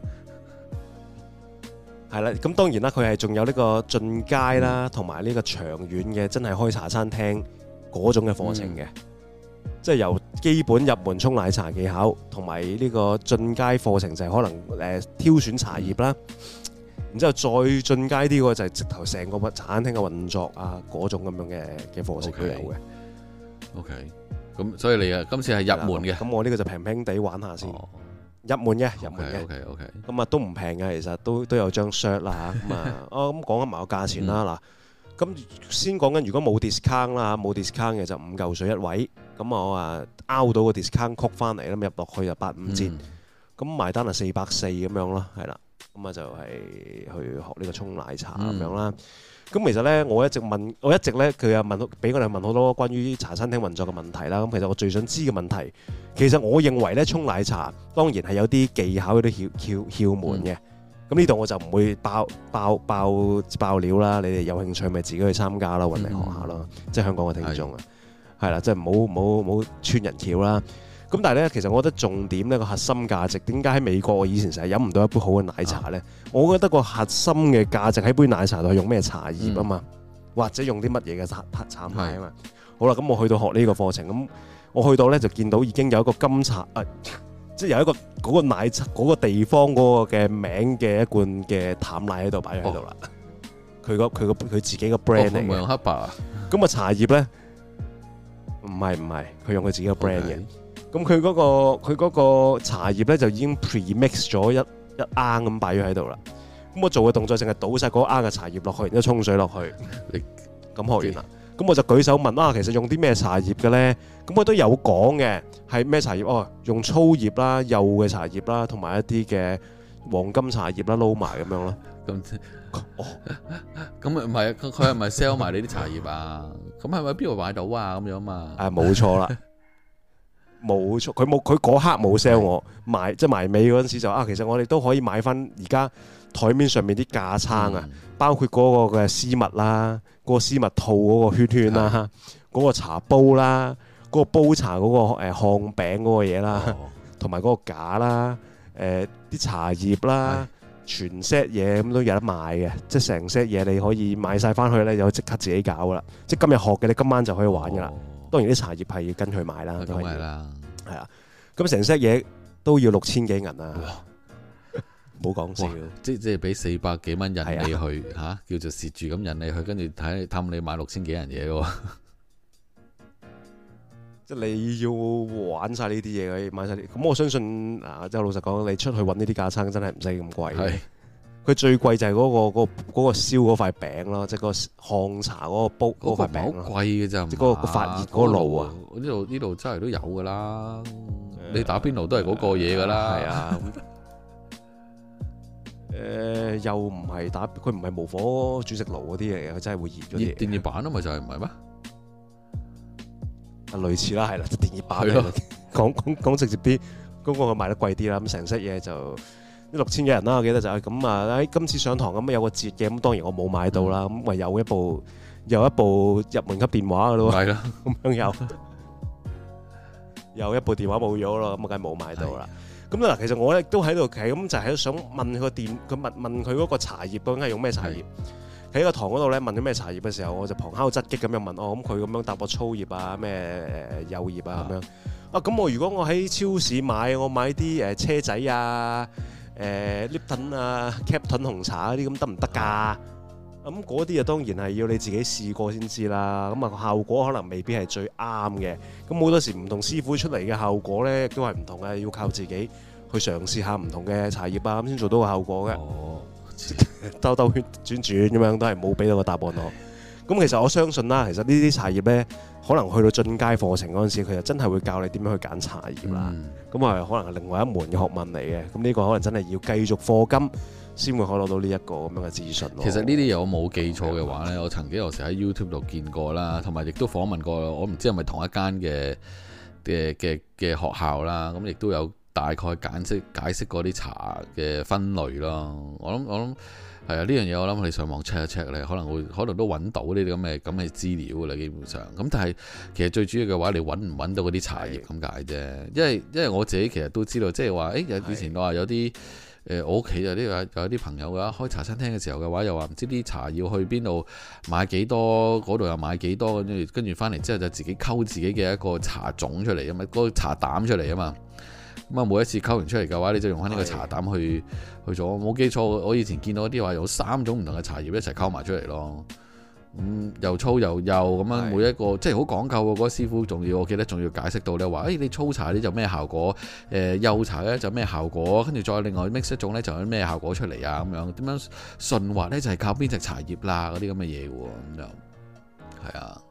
係啦，咁當然啦，佢係仲有呢個進階啦，同埋呢個長遠嘅真係開茶餐廳嗰種嘅課程嘅，嗯、即係由基本入門沖奶茶技巧，同埋呢個進階課程就係可能誒挑選茶葉啦，嗯、然之後再進階啲嘅就係直頭成個茶餐廳嘅運作啊嗰種咁樣嘅嘅課程都有嘅。OK，咁所以你啊今次係入門嘅，咁我呢個就平平地玩下先。哦。入門嘅，入門嘅，咁啊都唔平嘅，其實都都，都有張 shirt 啦嚇，咁啊、嗯，我咁講埋個價錢啦嗱，咁先講緊如果冇 discount 啦，冇 discount 嘅就五嚿水一位，咁我啊 out 到個 discount 曲翻嚟，咁入落去就八五折。咁、嗯、埋單就四百四咁樣咯，係啦，咁啊就係去學呢個沖奶茶咁樣啦。嗯咁其實咧，我一直問，我一直咧，佢又問，俾我哋問好多關於茶餐廳運作嘅問題啦。咁其實我最想知嘅問題，其實我認為咧，沖奶茶當然係有啲技巧、有啲竅竅竅門嘅。咁呢度我就唔會爆爆爆爆料啦。你哋有興趣咪自己去參加啦，嗯、搵嚟學下啦。即係香港嘅聽眾啊，係啦，即係唔好唔好唔好穿人橋啦。咁但係咧，其實我覺得重點咧，個核心價值，點解喺美國我以前成日飲唔到一杯好嘅奶茶咧？啊、我覺得個核心嘅價值喺杯奶茶度係用咩茶葉啊嘛，嗯、或者用啲乜嘢嘅產產品啊嘛。嗯、好啦，咁我去到學呢個課程，咁我去到咧就見到已經有一個金茶啊，即係有一個嗰、嗰個奶茶嗰、嗰個地方嗰個嘅名嘅一罐嘅淡奶喺度擺喺度啦。佢個佢個佢自己個 brand 嚟咁啊，個茶葉咧唔係唔係，佢用佢自己個 brand 嘅。Okay. 咁佢嗰個佢嗰個茶葉咧就已經 pre mix 咗一一盎咁擺咗喺度啦。咁我做嘅動作淨係倒晒嗰盎嘅茶葉落去，然之後沖水落去。咁學完啦。咁我就舉手問啊，其實用啲咩茶葉嘅咧？咁我都有講嘅，係咩茶葉？哦，用粗葉啦、幼嘅茶葉啦，同埋一啲嘅黃金茶葉啦，撈埋咁樣咯。咁，哦，咁啊唔係，佢係咪 sell 埋你啲茶葉啊？咁係咪邊度買到啊？咁樣嘛？啊，冇錯啦。冇錯，佢冇佢嗰刻冇 sell 我的賣，即係埋尾嗰陣時就啊，其實我哋都可以買翻而家台面上面啲架撐啊，嗯、包括嗰個嘅絲襪啦，嗰、那個那個絲襪套嗰個圈圈啦，嗰的個茶煲啦，嗰、那個煲茶嗰、那個誒、呃、烘餅嗰個嘢啦，同埋嗰個架啦，誒、呃、啲茶葉啦，的全 set 嘢咁都有得買嘅，即係成 set 嘢你可以買晒翻去呢，就即刻自己搞啦，即係今日學嘅，你今晚就可以玩噶啦。當然啲茶葉係要跟佢買啦，係啦，係啊，咁成 set 嘢都要六千幾銀啊！唔好講笑，即即係俾四百幾蚊引你去吓，叫做蝕住咁引你去，跟住睇探你買六千幾銀嘢喎，即係你要玩晒呢啲嘢嘅，買晒啲。咁我相信啊，即係老實講，你出去搵呢啲架撐真係唔使咁貴。佢最貴就係嗰、那個嗰個嗰個燒嗰塊餅啦，即、就、係、是、個烘茶嗰個煲嗰塊餅啦。貴嘅咋，即係嗰個發熱嗰爐啊！呢度呢度真係都有噶啦，呃、你打邊爐都係嗰個嘢噶啦，係、呃、啊。誒 呃，又唔係打佢唔係無火煮食爐嗰啲嘢，佢真係會熱咗啲。電熱板啊嘛，就係唔係咩？啊，類似啦，係啦，電熱板咯。講講了 直接啲，嗰、那個我賣得貴啲啦，咁成 set 嘢就。六千幾人啦、啊，我記得就係咁啊。今次上堂咁有個折嘅，咁當然我冇買到啦。咁咪、嗯、有一部有一部入門級電話噶咯，係啦咁樣有有一部電話冇咗咯。咁我梗係冇買到啦。咁嗱對那 record.，其實我亦都喺度，企，咁就喺度想問佢個店，佢問問佢嗰個茶葉究竟係用咩茶葉？喺對個堂嗰度咧問咗咩茶葉嘅時候，我就旁敲側擊咁樣問我咁佢咁樣答我粗葉啊，咩誒幼葉啊咁樣的啊。咁我如果我喺超市買，我買啲誒車仔啊。誒、呃、Lipton 啊，Captain 紅茶嗰啲咁得唔得㗎？咁嗰啲啊、嗯、當然係要你自己試過先知啦。咁啊個效果可能未必係最啱嘅。咁、嗯、好多時唔同師傅出嚟嘅效果咧，都係唔同嘅。要靠自己去嘗試下唔同嘅茶葉啊，咁、嗯、先做到個效果嘅。兜兜圈轉轉咁樣都係冇俾到個答案我。咁其實我相信啦，其實呢啲茶葉呢，可能去到進階課程嗰陣時，佢就真係會教你點樣去揀茶葉啦。咁啊、嗯，可能係另外一門嘅學問嚟嘅。咁呢個可能真係要繼續課金先會可攞到呢一個咁樣嘅資訊咯，其、嗯。其實呢啲嘢，我冇記錯嘅話呢，我曾經有時喺 YouTube 度見過啦，同埋亦都訪問過，我唔知係咪同一間嘅嘅嘅嘅學校啦。咁、嗯、亦都有大概解釋解釋過啲茶嘅分類咯。我諗我諗。我係啊，呢樣嘢我諗我哋上網 check 一 check 咧，可能會可能都揾到呢啲咁嘅咁嘅資料啦，基本上。咁但係其實最主要嘅話，你揾唔揾到嗰啲茶葉咁解啫。是的 因為因為我自己其實都知道，即係話誒，以前話有啲誒、呃，我屋企有啲有有啲朋友嘅開茶餐廳嘅時候嘅話，又話唔知啲茶要去邊度買幾多，嗰度又買幾多，跟住翻嚟之後就自己溝自己嘅一個茶種出嚟啊、那個、嘛，個茶膽出嚟啊嘛。咁啊，每一次溝完出嚟嘅話，你就用翻呢個茶膽去是的 去做。冇記錯，我以前見到啲話有三種唔同嘅茶葉一齊溝埋出嚟咯。咁、嗯、又粗又幼咁樣，每一個是的 即係好講究喎。嗰、那個、師傅仲要，我記得仲要解釋到咧話，誒、欸、你粗茶咧就咩效果，誒、呃、幼茶咧就咩效果，跟住再另外 mix 一種咧就有咩效果出嚟啊咁樣。點樣順滑咧就係靠邊隻茶葉啦嗰啲咁嘅嘢喎。咁就係啊，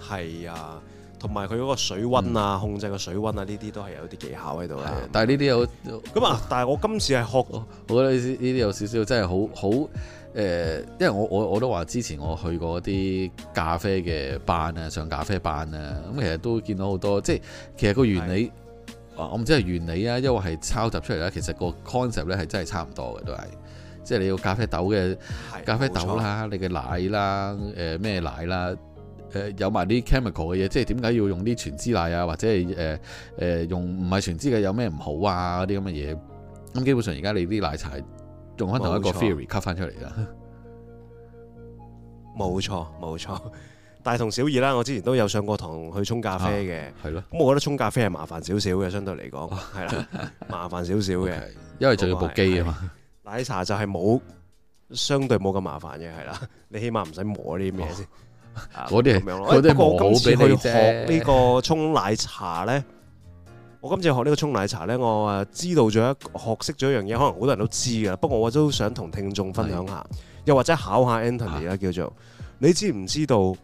係啊。同埋佢嗰個水溫啊，控制個水溫啊，呢啲都係有啲技巧喺度啦。的嗯、但係呢啲有，咁啊那！但係我今次係學我，我覺得呢啲有少少真係好好誒、呃，因為我我我都話之前我去過啲咖啡嘅班啊，上咖啡班啊，咁其實都見到好多，即係其實個原理啊，的我唔知係原理啊，因為係抄襲出嚟啦。其實個 concept 咧係真係差唔多嘅，都係即係你要咖啡豆嘅的咖啡豆啦，錯你嘅奶啦，誒、呃、咩奶啦。誒有埋啲 chemical 嘅嘢，即係點解要用啲全脂奶啊，或者係誒誒用唔係全脂嘅有咩唔好啊？嗰啲咁嘅嘢，咁基本上而家你啲奶茶仲可能一個 theory cut 翻出嚟啦。冇錯冇錯，大同小異啦。我之前都有上過堂去沖咖啡嘅，係咯。咁我覺得沖咖啡係麻煩少少嘅，相對嚟講係啦，麻煩少少嘅，因為仲要部機啊嘛。奶茶就係冇，相對冇咁麻煩嘅，係啦。你起碼唔使磨啲咩先。嗰啲係咁樣咯，那些 欸、不過我今次去學呢個沖奶茶咧， 我今次學呢個沖奶茶咧，我啊知道咗一學識咗一樣嘢，可能好多人都知噶，不過我都想同聽眾分享下，的又或者考下 Anthony 啦、啊，叫做你知唔知道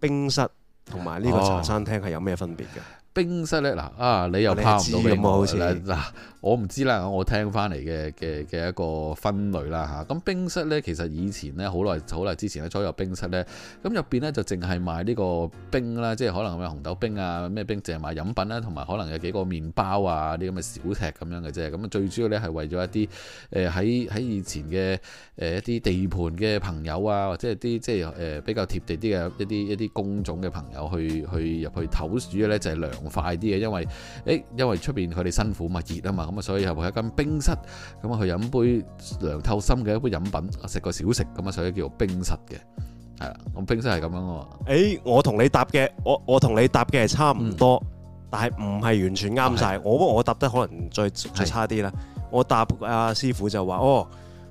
冰室同埋呢個茶餐廳係有咩分別嘅？哦？冰室咧嗱啊，你又拋唔到嘅嘛，好似嗱。我唔知啦，我聽翻嚟嘅嘅嘅一個分類啦嚇。咁、啊、冰室呢，其實以前呢，好耐好耐之前咧，所有冰室呢，咁入邊呢，就淨係賣呢個冰啦，即係可能有紅豆冰啊，咩冰淨係賣飲品啦、啊，同埋可能有幾個麵包啊啲咁嘅小食咁樣嘅啫。咁最主要呢，係為咗一啲誒喺喺以前嘅誒一啲地盤嘅朋友啊，或者係啲即係誒、呃、比較貼地啲嘅一啲一啲工種嘅朋友去去入去唞暑嘅呢，就係、是、涼快啲嘅，因為誒、欸、因為出邊佢哋辛苦嘛，熱啊嘛。咁啊，所以又係一間冰室。咁啊，去飲杯涼透心嘅一杯飲品，食個小食，咁啊，所以叫做冰室嘅，係啦。咁冰室係咁樣噶。誒，我同你搭嘅，我我同你搭嘅係差唔多，但係唔係完全啱晒。我不過我搭得可能再再差啲啦。我搭阿師傅就話，哦，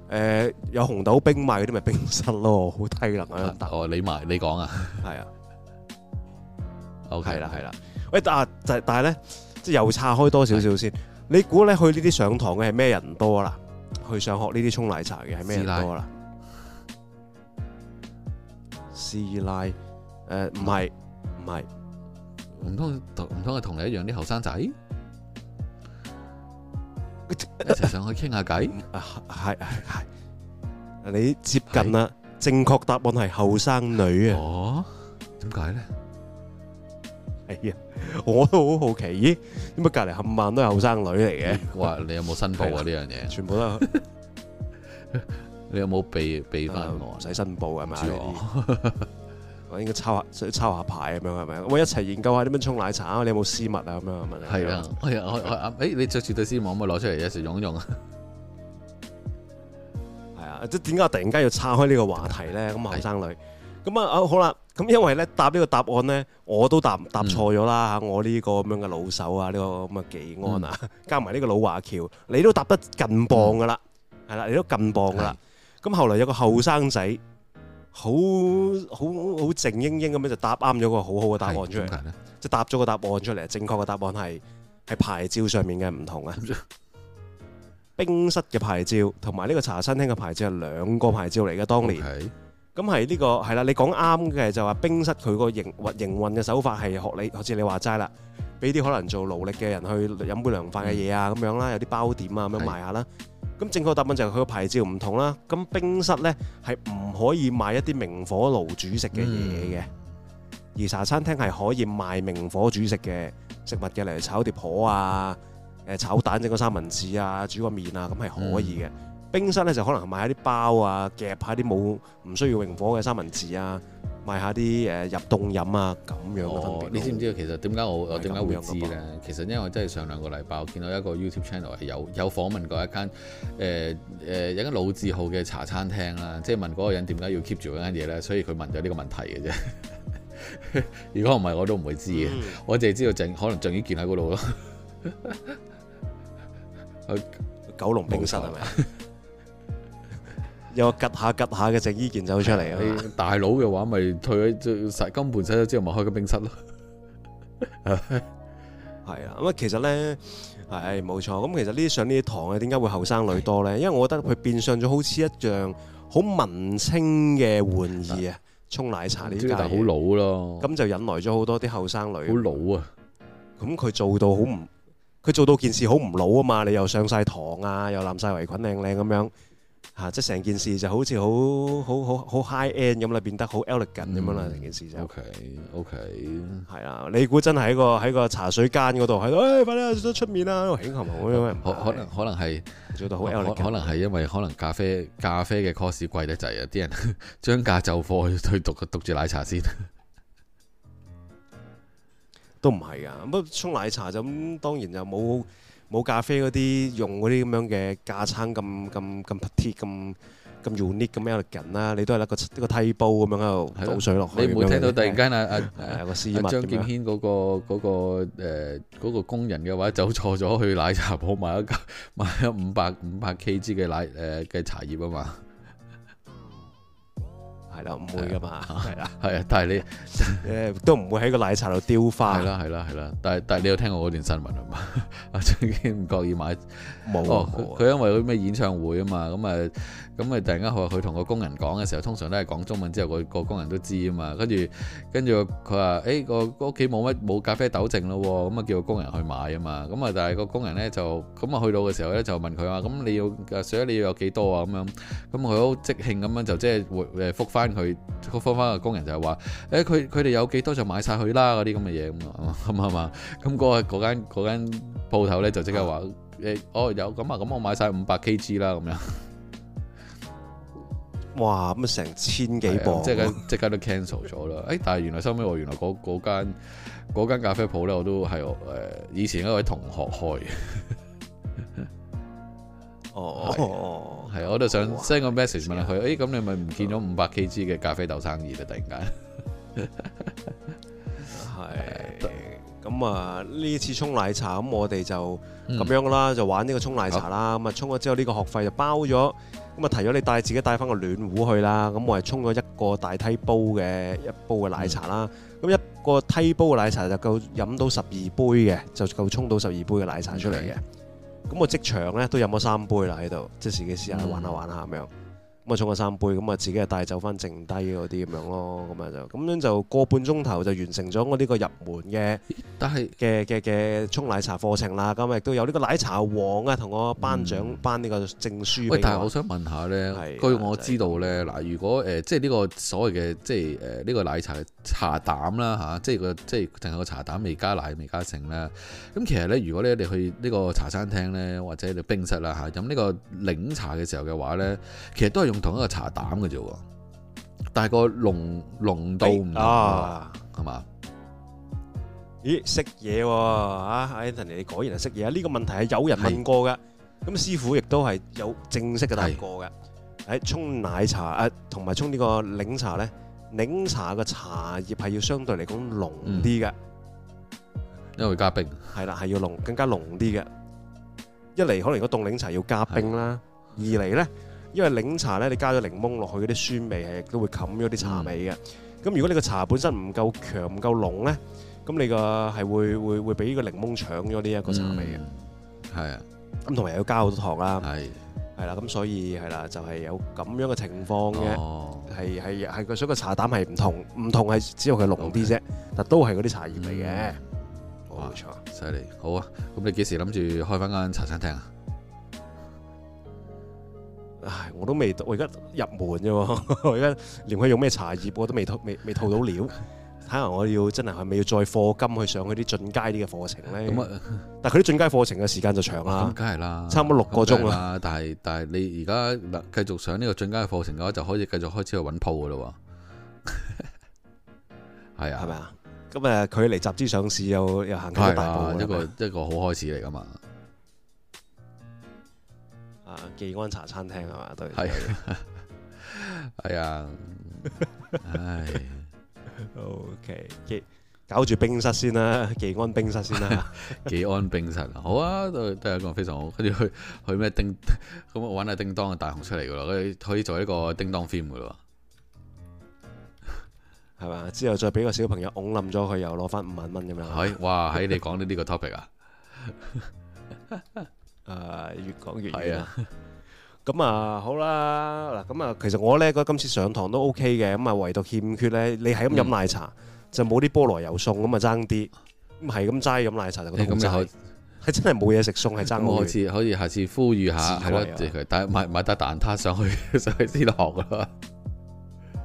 誒，有紅豆冰賣嗰啲咪冰室咯，好低能啊！大我你賣你講啊，係啊，OK 啦係啦。喂，但係但係咧，即係又岔開多少少先。你估咧，去呢啲上堂嘅係咩人多啦？去上學呢啲沖奶茶嘅係咩人多啦？師奶，誒，唔係，唔係，唔通唔通係同你一樣啲後生仔一齊上去傾下偈？啊，係係係，你接近啦，正確答案係後生女啊？哦，點解咧？哎呀！我都好好奇，咦，點解隔籬冚晚都係後生女嚟嘅？哇，你有冇申報啊？呢樣嘢全部都，你有冇備備翻羅使申報啊？嘛，我應該抄下抄下牌咁樣係咪？我一齊研究下點樣沖奶茶啊？你有冇絲襪啊？咁樣係咪？係啊，我啊，你着住對絲襪可唔可以攞出嚟有時用一用啊？係啊，即點解突然間要叉開呢個話題咧？咁後生女。咁啊，好啦，咁因為咧答呢個答案咧，我都答答錯咗啦吓，我呢個咁樣嘅老手啊，呢個咁嘅技安啊，加埋呢個老華僑，你都答得近磅噶啦，係啦，你都近磅噶啦。咁後來有個後生仔，好好好靜英英咁樣就答啱咗個好好嘅答案出嚟，即係答咗個答案出嚟，正確嘅答案係係牌照上面嘅唔同啊，冰室嘅牌照同埋呢個茶餐廳嘅牌照係兩個牌照嚟嘅，當年。咁係呢個係啦，你講啱嘅就話冰室佢個營運營運嘅手法係學你，好似你話齋啦，俾啲可能做勞力嘅人去飲杯涼快嘅嘢啊，咁、嗯、樣啦，有啲包點啊咁賣下啦。咁、嗯、正確答案就係佢個牌照唔同啦。咁冰室咧係唔可以賣一啲明火爐煮食嘅嘢嘅，嗯、而茶餐廳係可以賣明火煮食嘅食物嘅嚟炒碟婆啊，誒炒蛋整個三文治啊，煮個麵啊，咁係可以嘅。嗯冰室咧就可能賣下啲包啊，夾下啲冇唔需要明火嘅三文治啊，賣下啲誒入凍飲啊，咁樣嘅分別、哦、你知唔知其實點解我我點解會知咧？其實因為我真係上兩個禮拜我見到一個 YouTube channel 係有有訪問過一間誒誒、呃呃、有一間老字號嘅茶餐廳啦，即係問嗰個人點解要 keep 住嗰間嘢咧，所以佢問咗呢個問題嘅啫。 如果唔係我都唔會知嘅，我淨係知道可能鄭伊健喺嗰度咯。去 九龍冰室係咪啊？ 有個吉下吉下嘅鄭伊健走出嚟啊！大佬嘅話，咪退咗，就金盆洗手之後，咪開間冰室咯。係啊，咁啊，其實咧係冇錯。咁其實呢啲上呢啲堂嘅點解會後生女多咧？因為我覺得佢變相咗好似一樣好文青嘅玩意啊，沖奶茶呢啲，但係好老咯。咁就引來咗好多啲後生女。好老啊！咁佢做到好唔，佢做到件事好唔老啊嘛！你又上曬堂啊，又攬曬圍裙靚靚咁樣。嚇！即係成件事就好似好好好好 high end 咁啦，變得好 elegant 咁樣啦，成、嗯、件事就。OK，OK。係啊，你估真係喺個喺個茶水間嗰度喺度，哎，快啲出面啦、嗯是！可能、e、可能係。做到好 elegant。可能係因為可能咖啡咖啡嘅 cost 貴得滯啊！啲人將價就貨去去讀讀住奶茶先。都唔係啊！唔通沖奶茶就咁，當然就冇。冇咖啡嗰啲用嗰啲咁樣嘅架撐，咁咁咁 parti 咁咁 unique 咁樣嘅人啦，你都係攞個一、嗰個梯煲咁樣喺度倒水落去。你唔會聽到突然間阿阿個司麥張敬軒嗰個嗰個工人嘅話走錯咗去奶茶鋪買一買一五百五百 kg 嘅奶誒嘅、呃、茶葉啊嘛？係啦，唔會噶嘛，係啦，係啊，但係你誒都唔會喺個奶茶度丟花。係啦，係啦，係啦，但係但係你有聽過嗰段新聞啊嘛？阿陳健唔覺意買冇哦，佢因為佢咩演唱會啊嘛，咁誒咁誒突然間佢佢同個工人講嘅時候，通常都係講中文，之後個個工人都知啊嘛，跟住跟住佢話誒個屋企冇乜冇咖啡豆剩咯，咁啊叫個工人去買啊嘛，咁啊但係個工人咧就咁啊去到嘅時候咧就問佢話，咁你要所以你要有幾多啊咁樣？咁佢好即興咁樣就即係誒覆返。佢個方方嘅工人就係話：誒，佢佢哋有幾多就買晒佢啦，嗰啲咁嘅嘢，咁啊咁嗰個嗰間嗰間鋪頭咧就即刻話：誒，哦，有咁啊，咁我買晒五百 kg 啦，咁樣。哇，咁啊成千幾磅，即係即刻都 cancel 咗啦。誒，但係原來收尾我原來嗰嗰間，間咖啡鋪咧，我都係誒、呃、以前一位同學開嘅。 哦，哦，係的，我都想 send 個 message 問下佢，誒咁的、哎、你咪唔見咗五百 kg 嘅咖啡豆生意啦？突然間，係的，咁啊呢次沖奶茶咁，我哋就咁樣啦，嗯、就玩呢個沖奶茶啦。咁啊、嗯，沖咗之後呢個學費就包咗，咁啊、嗯、提咗你帶自己帶翻個暖壺去啦。咁我係沖咗一個大梯煲嘅一煲嘅奶茶啦。咁、嗯、一個梯煲嘅奶茶就夠飲到十二杯嘅，就夠沖到十二杯嘅奶茶出嚟嘅。嗯咁我即場呢都飲咗三杯啦喺度，即時嘅時間去玩下，啊、玩下咁樣。嗯咁啊，沖個三杯，咁啊，自己就帶走翻剩低嗰啲咁樣咯，咁啊就咁樣就個半鐘頭就完成咗我呢個入門嘅，但係嘅嘅嘅沖奶茶課程啦，咁亦都有呢個奶茶王啊，同我頒獎頒呢個證書俾我、嗯、但係我想問下咧，據我知道咧，嗱，如果誒、呃、即係呢個所謂嘅即係誒呢個奶茶茶膽啦吓、啊，即係、個即係淨係茶膽未加奶未加成咧，咁、啊、其實咧，如果咧你去呢個茶餐廳咧或者你冰室啦吓飲呢個檸茶嘅時候嘅話咧，其實都係用同一個茶膽嘅啫，但係個濃濃度唔同啊，係嘛？咦，識嘢喎，啊，阿 Anthony，你果然係識嘢啊！呢個問題係有人問過嘅，咁師傅亦都係有正式嘅答過嘅。喺沖奶茶啊，同埋沖呢個檸茶咧，檸茶嘅茶葉係要相對嚟講濃啲嘅，因為加冰係啦，係要濃更加濃啲嘅。一嚟可能個凍檸茶要加冰啦，二嚟咧，因為檸茶咧，你加咗檸檬落去嗰啲酸味係都會冚咗啲茶味嘅。咁、嗯、如果你個茶本身唔夠強、唔夠濃咧，咁你個係會會會俾呢個檸檬搶咗呢一個茶味嘅。係、嗯、啊，咁同埋要加好多糖啦。係係啦，咁、啊、所以係啦、啊，就係、是、有咁樣嘅情況嘅。係係係佢想以個茶膽係唔同，唔同係只係佢濃啲啫。嗯、但都係嗰啲茶葉味嘅。冇、嗯哦啊、錯，犀利。好啊，咁你幾時諗住開翻間茶餐廳啊？唉，我都未，我而家入門啫喎，我而家連佢用咩茶葉，我都未套，未未套到料。睇下我要真係係咪要再課金去上嗰啲進階啲嘅課程咧？咁啊麼，但係佢啲進階課程嘅時間就長啦，梗係啦，差唔多六個鐘啦。但係但係你而家嗱，繼續上呢個進階嘅課程嘅話，就可以繼續開始去揾鋪嘅咯喎。係 啊，係咪啊？咁啊，佢離集資上市又又行緊、啊、一步啦，一個一個好開始嚟噶嘛。技安茶餐廳係嘛？對係啊，唉 OK 搞住冰室先啦，技安冰室先啦， 技安冰室好啊，都都係一個非常好，跟住去去咩叮，咁我玩下叮噹嘅大雄出嚟噶咯，佢可以做一個叮噹 film 噶咯，係嘛？之後再俾個小朋友㧬冧咗佢，又攞翻五萬蚊咁樣，係， 哇，喺你講呢呢個 topic 啊。 誒，越講越遠啊。咁啊，好啦，嗱，咁啊，其實我咧覺今次上堂都 OK 嘅，咁啊，唯獨欠缺咧，你係咁飲奶茶就冇啲菠蘿油送，咁啊，爭啲，唔係咁齋飲奶茶就咁樣。咁又係，真係冇嘢食，送係爭。可以可以，下次呼籲下，係咯，接佢，買買打蛋撻上去上去先落噶啦。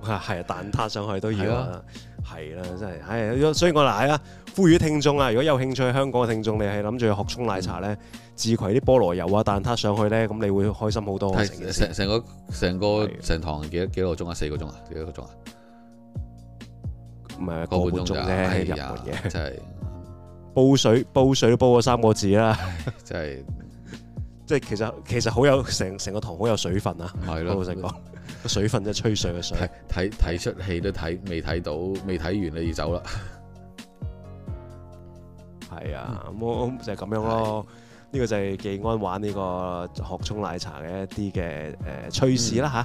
啊，係啊，蛋撻上去都要啦，係啦，真係，係，所以我奶係啊。呼籲聽眾啊！如果有興趣香港嘅聽眾，你係諗住學沖奶茶咧，自攜啲菠蘿油啊、蛋撻上去咧，咁你會開心好多。成成成個成個成堂幾多幾多個鐘啊？四個鐘啊？幾多個鐘啊？唔係個半鐘啫，哎呀，真係煲水煲水煲咗三個字啦，真係，即係其實其實好有成成個堂好有水分啊！係咯，好成講個水分即係吹水嘅水。睇睇出戲都睇未睇到，未睇完你而走啦。係啊，咁、嗯嗯、就係咁樣咯。呢、啊、個就係技安玩呢、這個學沖奶茶嘅一啲嘅誒趣事啦吓，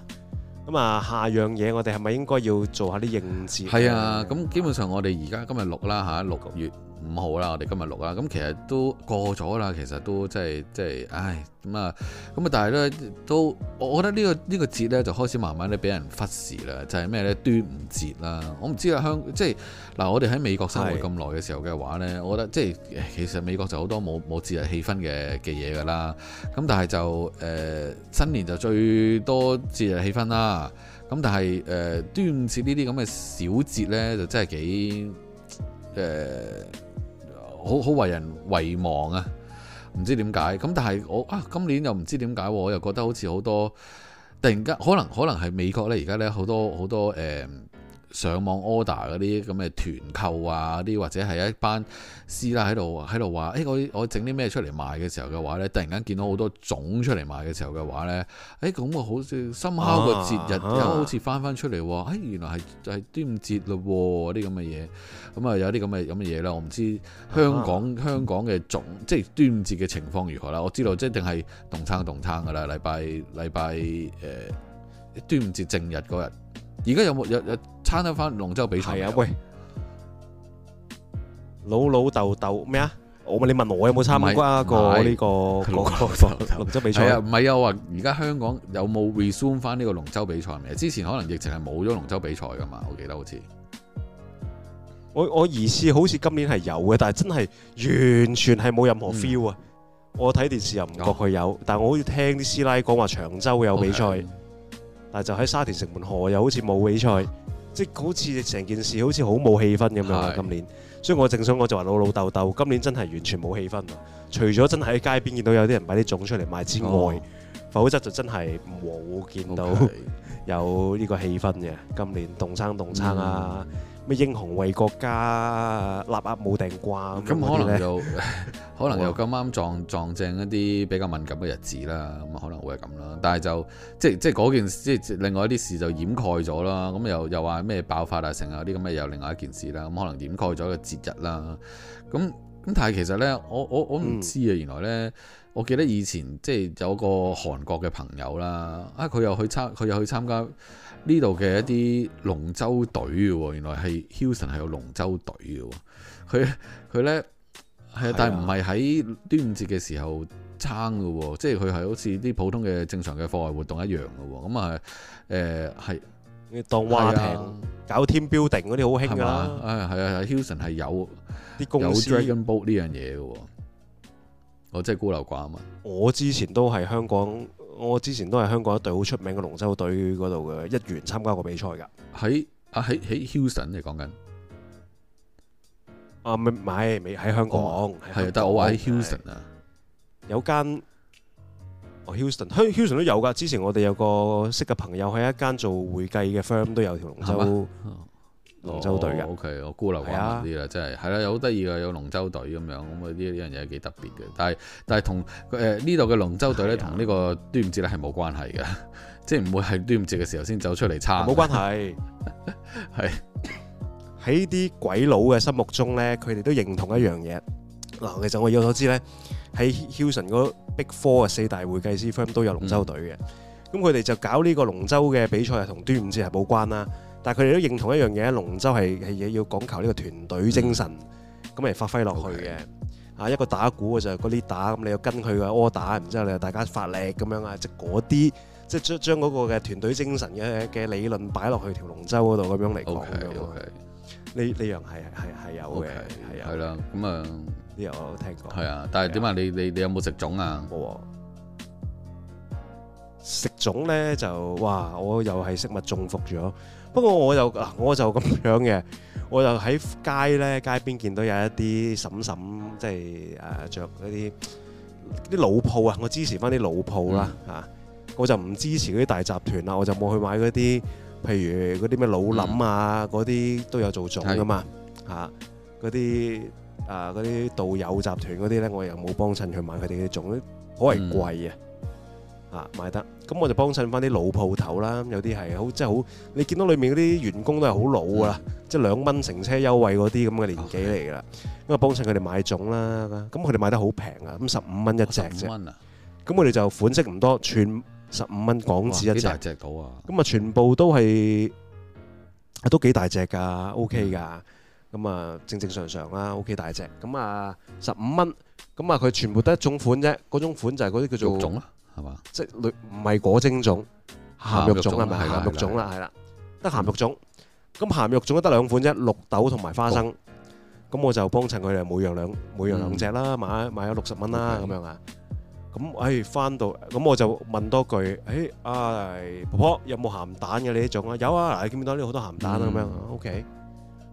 咁、嗯、啊，下樣嘢我哋係咪應該要做下啲應節？係啊，咁基本上我哋而家今日六啦嚇，六、啊、月。五號啦，我哋今日錄啦，咁其實都過咗啦，其實都即係即係，唉，咁啊，咁啊，但係咧都，我覺得呢、呢個呢、呢個節咧就開始慢慢咧俾人忽視啦，就係咩咧？端午節啦，我唔知啊香，即係嗱，我哋喺美國生活咁耐嘅時候嘅話咧，是我覺得即係其實美國就好多冇冇節日氣氛嘅嘅嘢噶啦，咁但係就誒、呃、新年就最多節日氣氛啦，咁但係誒、呃、端午節呢啲咁嘅小節咧就真係幾誒。呃好好為人遺忘啊！唔知點解咁，但係我啊，今年又唔知點解，我又覺得好似好多突然間，可能可能係美國呢。而家呢，好多好多誒。呃上網 order 嗰啲咁嘅團購啊，啲或者係一班師奶喺度喺度話，誒、欸，我我整啲咩出嚟賣嘅時候嘅話咧，突然間見到好多粽出嚟賣嘅時候嘅話咧，誒、欸，咁我好似深秋個節日又好似返返出嚟，誒、欸，原來係係端午節咯、啊，啲咁嘅嘢，咁、嗯、啊有啲咁嘅咁嘅嘢啦，我唔知香港香港嘅粽即係端午節嘅情況如何啦，我知道即係定係動餐動餐噶啦，禮拜禮拜誒端午節正日嗰日。而家有冇有有參加翻龍舟比賽？係啊，喂，老老豆豆咩啊？我問你問我有冇參加過呢個龍舟比賽啊？唔係啊，我話而家香港有冇 resume 翻呢個龍舟比賽未？之前可能疫情係冇咗龍舟比賽噶嘛，我記得好似。我我疑似好似今年係有嘅，但係真係完全係冇任何 feel 啊！嗯、我睇電視又唔覺佢有，哦、但係我好似聽啲師奶講話長洲有比賽。Okay. 就喺沙田城門河又好似冇比賽，即、就、係、是、好似成件事好似好冇氣氛咁樣。是今年，所以我正想我就話老老豆豆，今年真係完全冇氣氛。除咗真係喺街邊見到有啲人擺啲糭出嚟賣之外，哦、否則就真係冇見到有呢個氣氛嘅。今年，凍生凍生啊！嗯咩英雄為國家立壓冇定啩，咁可能又可能又咁啱撞撞正一啲比較敏感嘅日子啦，咁可能會係咁啦。但係就即即嗰件即另外一啲事就掩蓋咗啦。咁又又話咩爆發啊，成啊啲咁嘅又另外一件事啦。咁可能掩蓋咗個節日啦。咁咁但係其實咧，我我我唔知啊。原來咧，我記得以前即有個韓國嘅朋友啦，啊佢又去參佢又去參加。呢度嘅一啲龍舟隊嘅喎，原來係 Hilton 係有龍舟隊嘅喎，佢佢咧啊， 但係唔係喺端午節嘅時候撐嘅喎，即係佢係好似啲普通嘅正常嘅課外活動一樣嘅喎，咁啊誒係當滑艇搞 team building 嗰啲好興啊，啊係啊 Hilton 係有啲公司有 dragon boat 呢樣嘢嘅喎，哦即係孤陋寡聞，我之前都係香港。我之前都係香港一隊好出名嘅龍舟隊嗰度嘅一員，參加過比賽噶，喺啊喺喺 Houston 你講緊，啊唔係未喺香港，係但我玩喺 Houston 啊，有間哦、oh, Houston 香 Houston 都有噶，之前我哋有個識嘅朋友喺一間做會計嘅 firm 都有條龍舟。龍舟隊嘅，OK，我孤陋寡聞啲啦，啊、真係係啦，有好得意噶，有龍舟隊咁樣，咁啊呢呢樣嘢幾特別嘅。但係但係同誒呢度嘅龍舟隊咧，同呢、啊、個端午節咧係冇關係嘅，的即係唔會係端午節嘅時候先走出嚟差冇關係。係喺啲鬼佬嘅心目中咧，佢哋都認同一樣嘢。嗱，其實我有所知咧，喺 Houston 嗰 Big Four 嘅四大會計師 firm 都有龍舟隊嘅，咁佢哋就搞呢個龍舟嘅比賽，係同端午節係冇關啦。但係佢哋都認同一樣嘢，龍舟係係嘢要講求呢個團隊精神，咁嚟發揮落去嘅。啊，Okay. 一個打鼓嘅就嗰、係、啲打，咁你要跟佢嘅 order，然之後你大家發力咁樣啊，即嗰啲即係將將嗰個嘅團隊精神嘅嘅理論擺落去條龍舟嗰度咁樣嚟講。呢呢 Okay. 樣係係係有嘅，係啦 Okay.。咁啊，呢個我聽過。係啊，但係點啊？你你你有冇食糉啊？食糉咧就哇，我又係食物中伏咗。不過我就嗱，我就咁樣嘅，我就喺街咧街邊見到有一啲嬸嬸，即係誒着嗰啲啲老鋪啊，我支持翻啲老鋪啦啊，我就唔支持嗰啲大集團啦，我就冇去買嗰啲，譬如嗰啲咩老冧啊，嗰啲都有做糉噶嘛嚇，嗰啲啊嗰啲導友集團嗰啲咧，我又冇幫襯去買佢哋啲糉，好鬼貴啊嚇，買得。咁我就幫襯翻啲老鋪頭啦，有啲係好，即係好，你見到裏面嗰啲員工都係好老噶啦，的即係兩蚊乘車優惠嗰啲咁嘅年紀嚟噶啦，咁啊幫襯佢哋買糉啦，咁佢哋買得好平啊，咁十五蚊一隻啫，咁我哋就款式唔多，全十五蚊港紙一隻大隻到啊，咁啊全部都係都幾大隻噶，OK 噶，咁啊的正正常常啦，OK 大隻，咁啊十五蚊，咁啊佢全部得一種款啫，嗰種款就係嗰啲叫做。即係唔係裹蒸粽，鹹肉粽係咪鹹肉粽啦？係啦，得鹹肉粽。咁鹹肉粽都得兩款啫，綠豆同埋花生。咁我就幫襯佢哋每樣兩每樣兩隻啦，買咗買咗六十蚊啦，咁樣啊。咁誒，翻到咁我就問多句，誒，阿婆婆有冇鹹蛋嘅呢種啊？有啊，嗱，你見唔見到呢度好多鹹蛋啊？咁樣，ok。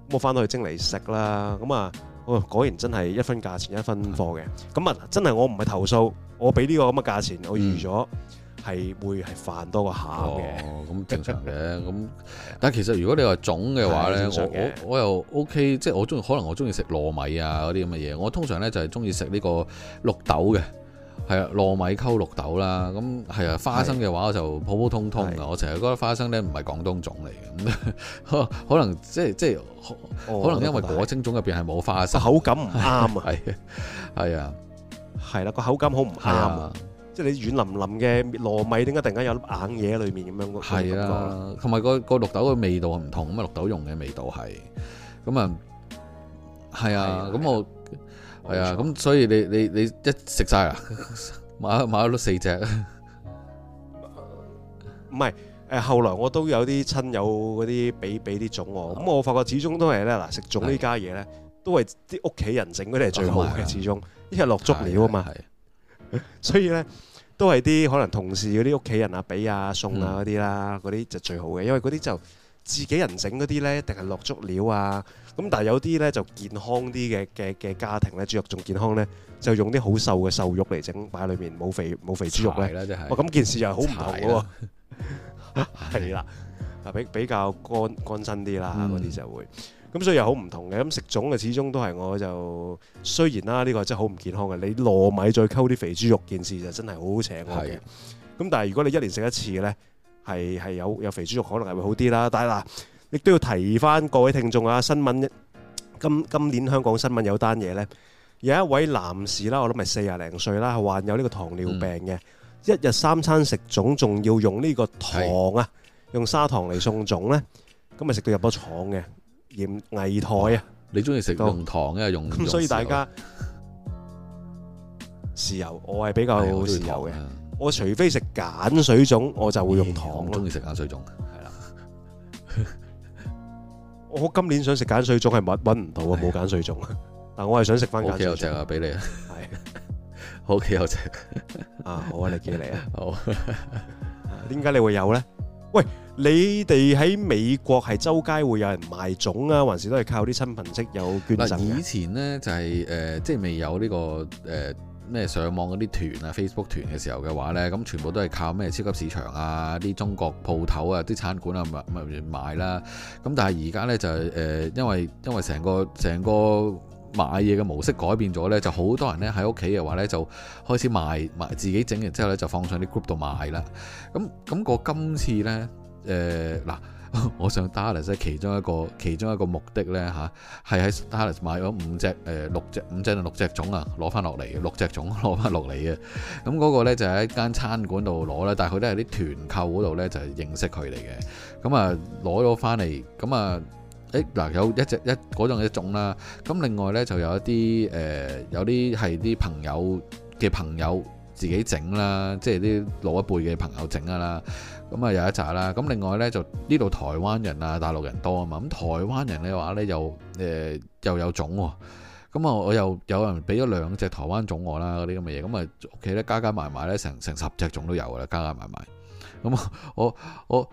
咁我翻到去蒸嚟食啦。咁啊。哦，果然真係一分價錢一分貨嘅。咁啊，真係我唔係投訴，我俾呢個咁嘅價錢，我預咗係會係飯多過餡嘅，咁、哦、正常嘅。咁 但係其實如果你話種嘅話咧，我我我又 OK，即係我中意可能我中意食糯米啊嗰啲咁嘅嘢，我通常咧就係中意食呢個綠豆嘅。係啊，糯米溝綠豆啦，咁係啊，花生嘅話我就普普通通啦，我成日覺得花生咧唔係廣東種嚟嘅，可能即係即係可能因為果青種入邊係冇花生，口感唔啱啊，係啊，係啦，個口感好唔啱啊，即係你軟腍腍嘅糯米點解突然間有粒硬嘢喺裏面咁樣？係啦，同埋個個綠豆嘅味道唔同，咁啊綠豆蓉嘅味道係，咁啊，係啊，咁我。係啊，咁所以你你你一食晒啦，買買咗都四隻，唔係，誒，後來我都有啲親友嗰啲俾俾啲粽我，咁我發覺始終都係咧，嗱，食粽呢家嘢咧，都係啲屋企人整嗰啲係最好嘅，始終，因為落足料啊嘛，所以咧都係啲可能同事嗰啲屋企人啊俾啊送啊嗰啲啦，嗰啲就最好嘅，因為嗰啲就自己人整嗰啲咧，定係落足料啊。咁但係有啲咧就健康啲嘅嘅嘅家庭咧，豬肉仲健康咧，就用啲好瘦嘅瘦肉嚟整，擺裏面冇肥冇肥豬肉咧。咁是、哦、件事又係好唔同嘅喎。係是、 啊、啦，比 比較乾乾身啲啦，嗰啲就會。咁、嗯、所以又好唔同嘅。咁食糉嘅始終都係我就雖然啦，呢、呢個真係好唔健康嘅。你糯米再溝啲肥豬肉，件事就真係好好我嘅。咁是但係如果你一年食一次咧，係係有有肥豬肉，可能係會好啲啦。但係嗱。亦都要提翻各位聽眾啊！新聞今今年香港新聞有單嘢呢，有一位男士啦，我諗咪四廿零歲啦，患有呢個糖尿病嘅，嗯、一日三餐食粽，仲要用呢個糖啊，是用砂糖嚟送粽呢。咁咪食到入咗廠嘅，嚴重危殆啊、嗯！你中意食用糖嘅，道用咁所以大家豉油，油，我係比較豉油嘅，嗯、我，油我除非食鹼水粽，我就會用糖咯。中意食鹼水粽，係啦。我今年想食鹼水粽係揾揾唔到啊，冇鹼水粽啊，但我係想食翻鹼水粽啊。O K，有隻啊，俾你啊。係，O K，有隻啊。好啊，你記嚟啊。好。點解你會有咧？喂，你哋喺美國係周街會有人賣粽啊，還是都係靠啲親朋戚友捐贈嘅？以前咧就係誒，即係未有呢個誒。咩上網嗰啲團啊、Facebook 團嘅時候嘅話呢，咁全部都係靠咩超級市場啊、啲中國鋪頭啊、啲餐館啊，咪咪賣啦。咁但係而家呢，就係誒、呃，因為因為成個成個買嘢嘅模式改變咗呢，就好多人呢喺屋企嘅話呢，就開始賣賣自己整完之後呢，就放上啲 group 度賣啦。咁咁、嗰個今次呢，誒、呃、嗱。 我想 Dallas 其中一個其中一個目的咧吓，係喺 Dallas 買咗五隻誒、呃、六隻五隻六隻糉啊，攞翻落嚟六隻糉攞翻落嚟嘅。咁嗰個咧就喺、是、一間餐館度攞啦，但係佢都係啲團購嗰度咧就是、認識佢嚟嘅。咁啊攞咗翻嚟，咁啊誒嗱、欸、有一隻一嗰種一種啦、啊。咁另外咧就有一啲誒、呃、有啲係啲朋友嘅朋友自己整啦、啊，即係啲老一輩嘅朋友整啊。啦。咁啊、嗯、有一扎啦，咁另外呢，就呢度台灣人啊、大陸人多啊嘛，咁、嗯、台灣人嘅話呢，又誒、呃、又有種喎、喔，咁、嗯、啊我又有人俾咗兩隻台灣種我啦，嗰啲咁嘅嘢，咁啊屋企咧加加埋埋呢，成成十隻種都有噶啦，加加埋埋，咁、嗯、我我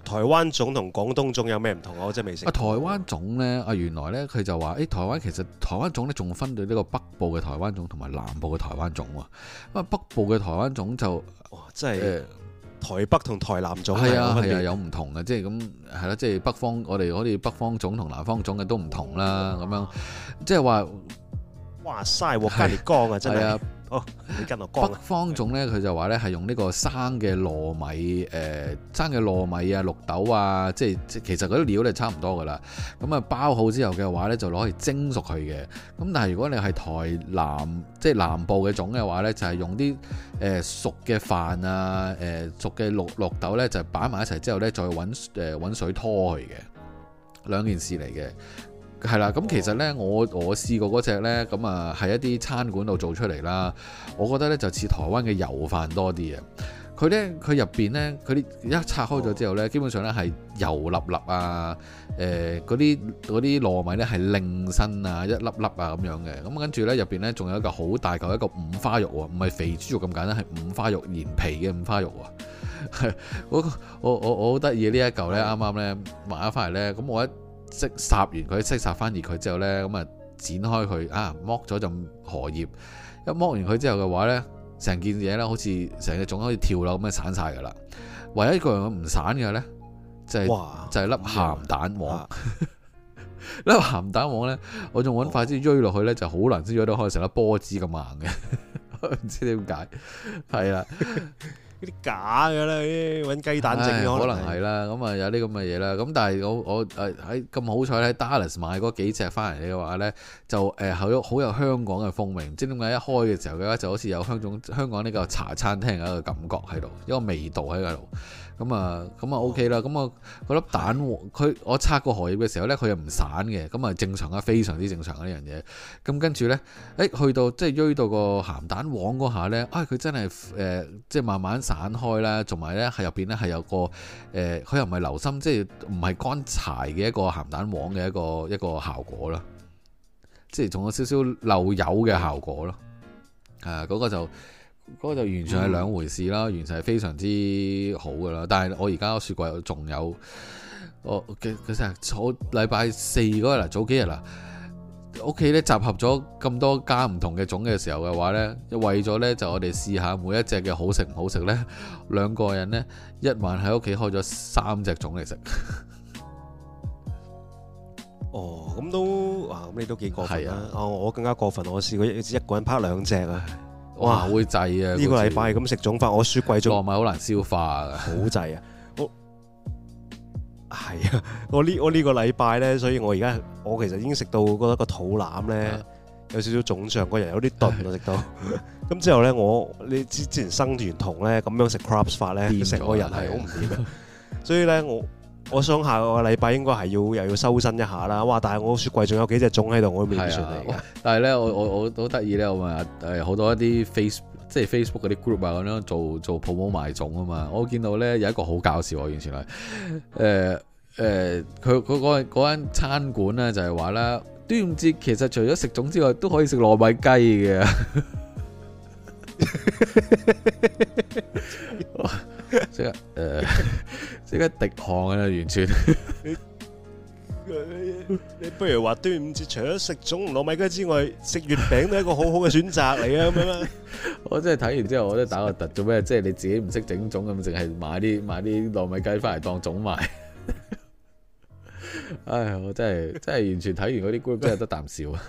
台灣種同廣東種有咩唔同啊？我真係未食啊，台灣種呢。啊，原來呢，佢就話誒、欸、台灣其實台灣種呢，仲分對呢個北部嘅台灣種同埋南部嘅台灣種喎，咁、嗯、啊北部嘅台灣種就、哦、真係。呃台北同台南種係啊，係啊，有唔同嘅。即係咁係咯，即係北方我哋嗰啲北方種同南方種嘅都唔同啦，咁樣即係話，哇晒犀利啊，啊真係。哦、北方粽呢，佢就話呢係用呢個生嘅糯米，誒、呃、生嘅糯米啊、綠豆啊，即係其實嗰啲料呢差唔多噶啦。咁啊包好之後嘅話呢，就攞去蒸熟佢嘅。咁但係如果你係台南，即係南部嘅粽嘅話呢，就係、是、用啲誒、呃、熟嘅飯啊、誒、呃、熟嘅綠綠豆呢，就擺埋一齊之後呢，再揾揾、呃、水拖佢嘅。兩件事嚟嘅。係啦，咁其實呢，我我試過嗰隻呢，咁、嗯、啊，喺一啲餐館度做出嚟啦。我覺得呢，就似台灣嘅油飯多啲啊。佢呢，佢入邊呢，佢啲一拆開咗之後呢，基本上呢係油粒粒啊，誒嗰啲啲糯米呢係令身啊，一粒粒啊咁樣嘅。咁跟住呢，入邊呢仲有一嚿好大嚿一個五花肉喎，唔係肥豬肉咁簡單，係五花肉連皮嘅五花肉喎。 我我我好得意呢一嚿呢啱啱呢，買咗翻嚟呢。咁我一即殺完佢，即殺翻熱佢之後咧，咁啊剪開佢啊，剝咗朕荷葉，一剝完佢之後嘅話咧，成件嘢咧好似成隻粽可以跳樓咁啊，散晒噶啦！唯一一個唔散嘅咧，就係、係、哇就係粒鹹蛋黃。 粒鹹蛋黃咧，哇我仲搵筷子追落去咧，就好難先追到，可能成粒波子咁硬嘅，唔 知點解。係啊。啲假嘅啦，搵雞蛋整嘅唉可能。可能係啦，咁啊有啲咁嘅嘢啦。咁但係我我誒喺咁好彩咧，喺、哎、Dallas 買嗰幾隻翻嚟嘅話咧，就誒好有好有香港嘅風味。唔知點解一開嘅時候咧，就好似有香總香港呢個茶餐廳嘅一個感覺喺度，一個味道喺度。咁啊，咁啊 OK 啦。咁我粒蛋黃，佢我拆過荷葉嘅時候呢，佢又唔散嘅。咁啊正常啊，非常之正常啊呢樣嘢。咁跟住呢，誒、欸、去到即係鋥到個鹹蛋黃嗰下呢，啊、哎、佢真係誒、呃、即係慢慢散開啦，同埋呢，喺入邊呢，係有個誒，佢又唔係流心，即係唔係乾柴嘅一個鹹蛋黃嘅一個一個效果咯。即係仲有少少漏油嘅效果咯。誒、啊、嗰、那個就～嗰個就完全係兩回事啦，完全係非常之好噶啦。但係我而家個雪櫃仲有，哦、其實我其佢成早禮拜四嗰日喇，早幾日喇，屋企咧集合咗咁多間唔同嘅糉嘅時候嘅話咧，為咗咧就我哋試下每一隻嘅好食唔好食咧，兩個人咧一晚喺屋企開咗三隻糉嚟食。哦，咁都，都啊，咁你都幾過分啊！我更加過分，我試過一一個人拍兩隻啊。哇！會滯啊！呢個禮拜咁食糉法，我雪櫃仲糯米好難消化啊！好滯啊！我係啊！我呢我呢個禮拜咧，所以我而家我其實已經食到覺得個肚腩咧有少少腫脹，個人有啲鈍啊！食到咁之後咧，我你之之前生完酮咧咁樣食 crabs 法咧，成了個人係好唔掂㗎， 所以咧我。我想下個禮拜應該係要又要收身一下啦，哇！但係我雪櫃仲有幾隻糉喺度，我都未算嚟啊。但係咧，我我我好得意咧，我話誒好多一啲 face 即係 Facebook 嗰啲 group 啊，咁樣做做 promo 賣糉啊嘛。我見到咧有一個好搞笑，完全係誒誒，佢佢嗰間餐館咧就係話啦，端午節其實除咗食糉之外，都可以食糯米雞嘅。 即係誒，即係滴汗啊！完全你你不如話端午節除咗食粽糯米雞之外，食月餅都係一個好好嘅選擇嚟啊！咁 這樣，我真係睇完之後我都打個突做咩？即係你自己唔識整粽咁，淨係買啲買啲糯米雞翻嚟當粽賣。唉，我真係真係完全睇完嗰啲 group，真係得啖笑啊！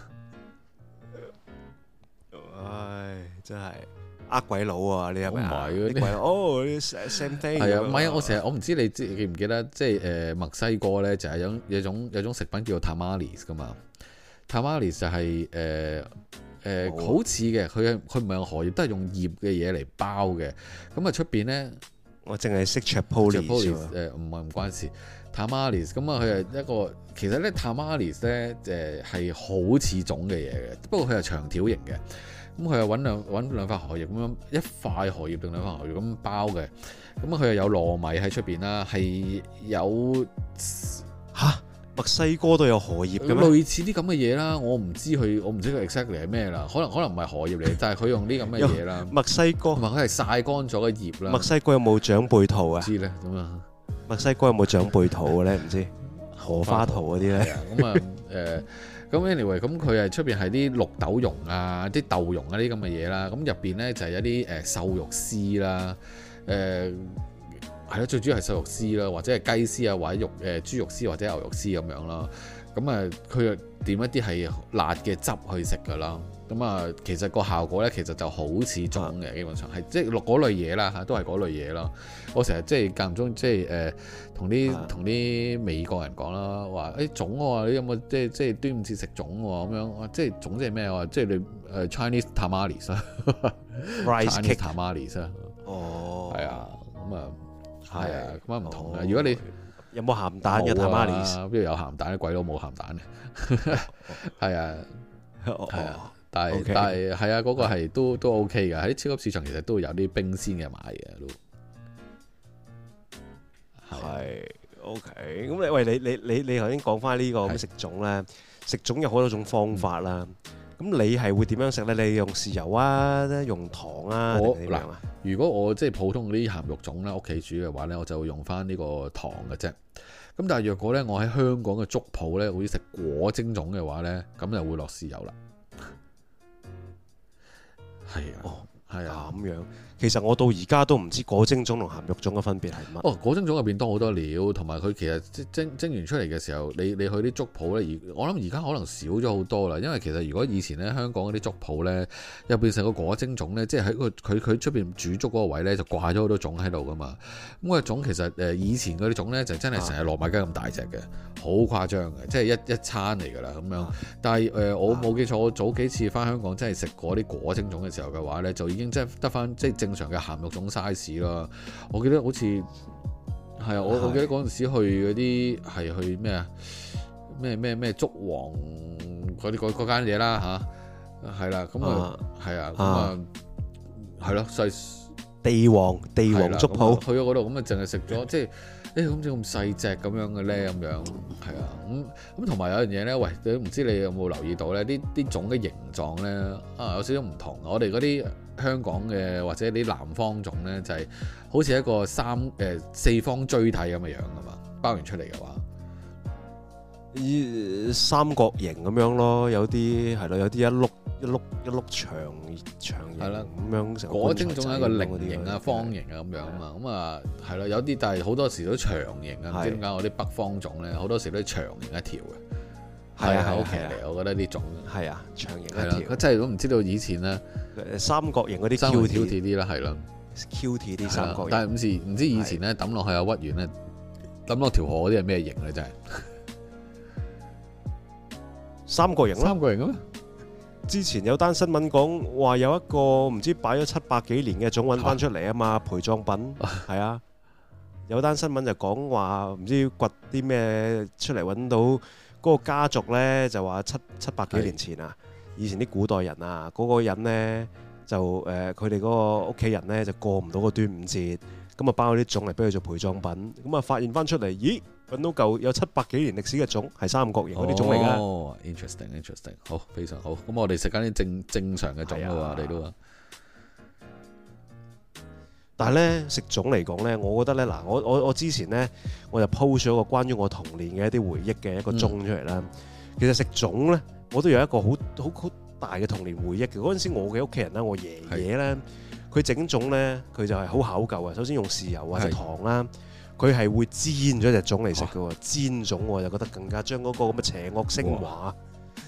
唉、哎，真係。呃鬼佬啊！你有咩？哦，啲 same thing。係啊，唔係啊！我成日我唔知你知記唔記得，即係誒墨西哥咧就係有有種有種食品叫做 tamale 嘅嘛。tamale 就係誒誒好似嘅，佢佢唔係用荷葉，都係用葉嘅嘢嚟包嘅。咁啊出邊咧？我淨係識 Chipotle。誒唔係，唔關事。tamale 咁啊，佢係一個其實咧 tamale 咧誒係好似粽嘅嘢嘅，不過佢係長條形嘅。咁佢又揾兩揾兩塊荷葉咁樣，一塊荷葉定兩塊荷葉咁包嘅。咁啊，佢又有糯米喺出邊啦，係有嚇墨西哥都有荷葉嘅咩？類似啲咁嘅嘢啦，我唔知佢，我唔知佢 exactly 係咩啦。可能可能唔係荷葉嚟，但係佢用啲咁嘅嘢啦。墨 西哥同埋佢係曬乾咗嘅葉啦。墨西哥有冇長輩圖啊？唔知咧，咁啊。墨西哥有冇長輩圖嘅咧？唔知荷花圖嗰啲咧。咁啊， 誒。呃呃咁 anyway，咁佢係出邊係啲綠豆蓉啊、啲豆蓉啊、啲咁嘅嘢啦，咁入邊咧就係、是、一啲誒、呃、瘦肉絲啦，誒係咯，最主要係瘦肉絲啦，或者係雞絲啊，或者肉誒、呃、豬肉絲或者牛肉絲咁樣咯。咁啊，佢又點一啲係辣嘅汁去食噶啦，咁啊，其實個效果咧，其實就好似糉嘅，基本上係即係落嗰類嘢啦嚇，都係嗰類嘢咯。我成日即係間唔中即係誒，同啲同啲美國人講啦，話誒、欸、糉喎、啊，你有冇即係即係端午節食糉喎、啊、咁樣？即係糉即係咩啊？即係你誒 Chinese tamales 啊，rice tamales 啊，哦，係啊，咁啊係啊，咁啊唔同啊，如果你。有冇鹹蛋？有啊，邊度有鹹蛋？鬼佬冇鹹蛋嘅，係啊，係啊。但係但係係啊，嗰個係都都 OK 嘅。喺超級市場，其實都會有啲冰鮮嘅買嘅都係 OK。咁你喂，你你你你頭先講翻呢個食糉咧，食糉有好多種方法啦。咁你係會點樣食咧？你用豉油啊，用糖啊？好我啊？如果我即係普通嗰啲鹹肉糉咧，屋企煮嘅話咧，我就會用翻呢個糖嘅啫。咁但係若果咧，我喺香港嘅粥鋪咧，好似食果蒸粽嘅話咧，咁就會落豉油啦。係啊，哦、係啊，咁樣。其實我到而家都唔知果蒸糉同鹹肉糉嘅分別係乜？哦，果蒸糉入邊多好多料，同埋佢其實蒸蒸完出嚟嘅時候，你你去啲粥鋪咧，而我諗而家可能少咗好多啦，因為其實如果以前咧香港嗰啲粥鋪咧，入邊成個果蒸糉咧，即係喺佢佢佢出邊煮粥嗰個位咧，就掛咗好多糉喺度噶嘛。咁個糉其實誒、呃、以前嗰啲糉咧就真係成日糯米雞咁大隻嘅，好誇張嘅，即係一一餐嚟㗎啦咁樣。啊、但係誒、呃啊、我冇記錯，我早幾次翻香港真係食過啲果蒸糉嘅時候嘅話咧，就已經即係得翻即正常嘅鹹肉粽 size 咯，我記得好似係啊，我我記得嗰陣時去嗰啲係去咩啊咩咩咩粥王嗰啲間嘢啦吓，係啦咁啊係啊咁啊係咯，所以地王地王粥鋪去咗嗰度，咁啊淨係食咗即係。誒咁似咁細隻咁樣嘅咧，咁樣係啊，咁咁同埋有樣嘢咧，喂，你唔知你有冇留意到咧？啲啲種嘅形狀咧，啊有少少唔同。我哋嗰啲香港嘅或者啲南方種咧，就係、是、好似一個三誒、呃、四方錐體咁嘅樣噶嘛，包完出嚟嘅話。三角形咁樣咯，有啲係咯，有啲一碌一碌一碌長長形咁樣。嗰啲種係一個菱形啊、方形啊咁樣啊嘛，咁啊係咯，有啲但係好多時都長形啊，唔知點解我啲北方種咧好多時都長形一條嘅。係啊，OK 啊，我覺得啲種係啊長形一條。真係都唔知道以前咧三角形嗰啲 Q T 啲啦，係啦 Q T 啲三角形，但係唔知以前咧抌落去啊屈原咧抌落條河嗰啲係咩形咧真係？三角形，啦，三角形。之前有單新聞講話有一個唔知擺咗七百幾年嘅糉揾翻出嚟啊嘛，啊陪葬品，係啊，啊。有單新聞就講話唔知掘啲咩出嚟揾到嗰個家族呢，就話七七百幾年前啊，係以前啲古代人啊，嗰、嗰個人呢，就誒佢哋嗰個屋企人呢，就過唔到個端午節，咁啊包啲糉嚟俾佢做陪葬品，咁啊、嗯、發現翻出嚟，咦？搵到嚿有七百幾年歷史嘅糉，係三角形嗰啲糉嚟噶。哦，interesting，interesting，好，非常好。咁我哋食緊啲正正常嘅糉啊嘛，嚟到啊。但係咧食糉嚟講咧，我覺得咧嗱，我我我之前咧，我就 post 咗個關於我童年嘅一啲回憶嘅一個糉出嚟啦。其實食糉咧，我都有一個好好好大嘅童年回憶嘅。嗰陣時我嘅屋企人咧，我爺爺咧，佢整糉咧，佢就係好考究嘅。首先用豉油或者糖啦。佢係會煎咗隻粽嚟食嘅喎，哇煎粽我就覺得更加將嗰個咁嘅邪惡升華。哇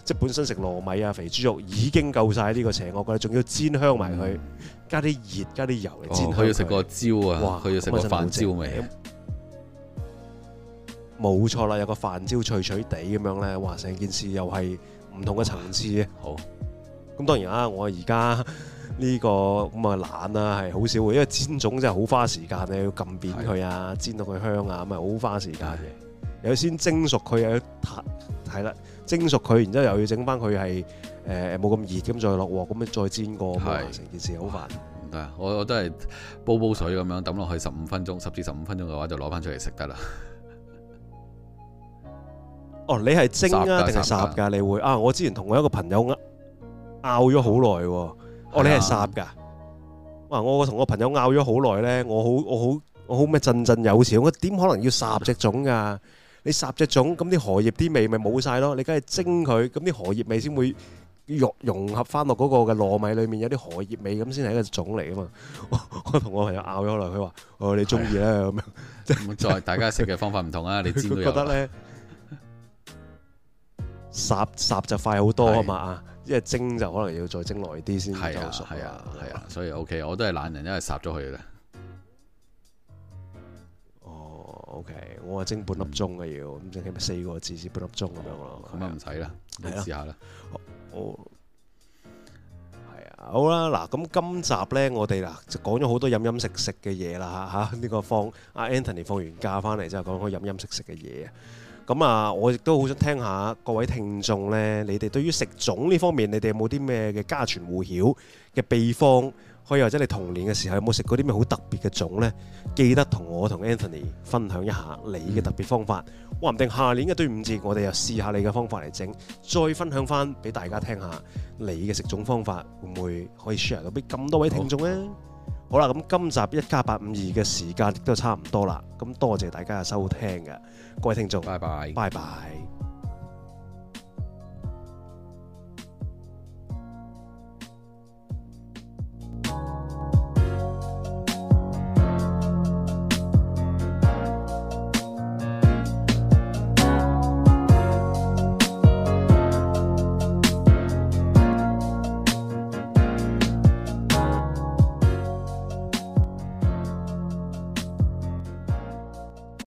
即係本身食糯米啊、肥豬肉已經夠晒呢個邪惡嘅，仲要煎香埋佢，嗯，加啲熱加啲油嚟煎佢。佢要食個焦啊，佢哇要食個飯焦咪。冇錯啦，有個飯焦脆脆地咁樣咧，哇！成件事又係唔同嘅層次嘅。好，咁當然啦，啊，我而家。呢、咁啊懶啦，係好少會，因為煎糉真係好花時間，你要撳扁佢啊，是的 煎到佢香啊，咁係好花時間嘅。是的 有時先蒸熟佢，又要係係啦，蒸熟佢，然之後又要整翻佢係誒冇咁熱咁，再落鑊，咁再煎過，成件事好煩。唔得啊！我我都係煲煲水咁樣抌落去十五分鐘，十至十五分鐘嘅話就攞翻出嚟食得啦。哦，你係蒸啊定係烚㗎？你會的的啊！我之前同我一個朋友拗咗好耐喎。嗯。哦，你係烚噶，哇！我同我朋友拗咗好耐咧，我好我好我好咩振振有詞，我點可能要烚隻粽噶？你烚隻粽，咁啲荷葉啲味咪冇晒咯？你梗係蒸佢，咁啲荷葉味先會融融合翻落嗰個嘅糯米裏面，有啲荷葉味咁先係一個粽嚟噶嘛？我我同我朋友拗咗好耐，佢話：哦，你中意咧咁樣。即係再大家食嘅方法唔同啊！你知佢覺得咧烚烚就快好多啊嘛。一係蒸就可能要再蒸耐啲先，係啊，係啊，係啊，所以 OK，我都係懶人，因為烚咗佢嘅。哦、oh,，OK，我係蒸半粒鐘嘅要，咁即起碼四個字先半粒鐘咁樣咯？咁、嗯、啊唔使啦，啊、你試下啦。我係啊，好啦，嗱，咁今集咧，我哋嗱就講咗好多飲飲食食嘅嘢啦，嚇嚇呢個放阿、啊、Anthony 放完假翻嚟之後講開飲飲食食嘅嘢。咁啊，我亦都好想聽下各位聽眾呢。你哋對於食糉呢方面，你哋有冇啲咩嘅家傳戶曉嘅秘方？可以或者你童年嘅時候有冇食過啲咩好特別嘅糉呢？記得同我同 Anthony 分享一下你嘅特別方法，話唔、嗯、定下年嘅端午節我哋又試下你嘅方法嚟整，再分享翻俾大家聽下你嘅食糉方法會唔會可以 share 到俾咁多位聽眾呢？好啦，咁今集一家八五二嘅時間亦都差唔多啦，咁多謝大家嘅收聽嘅。各位聽眾，拜拜，拜拜。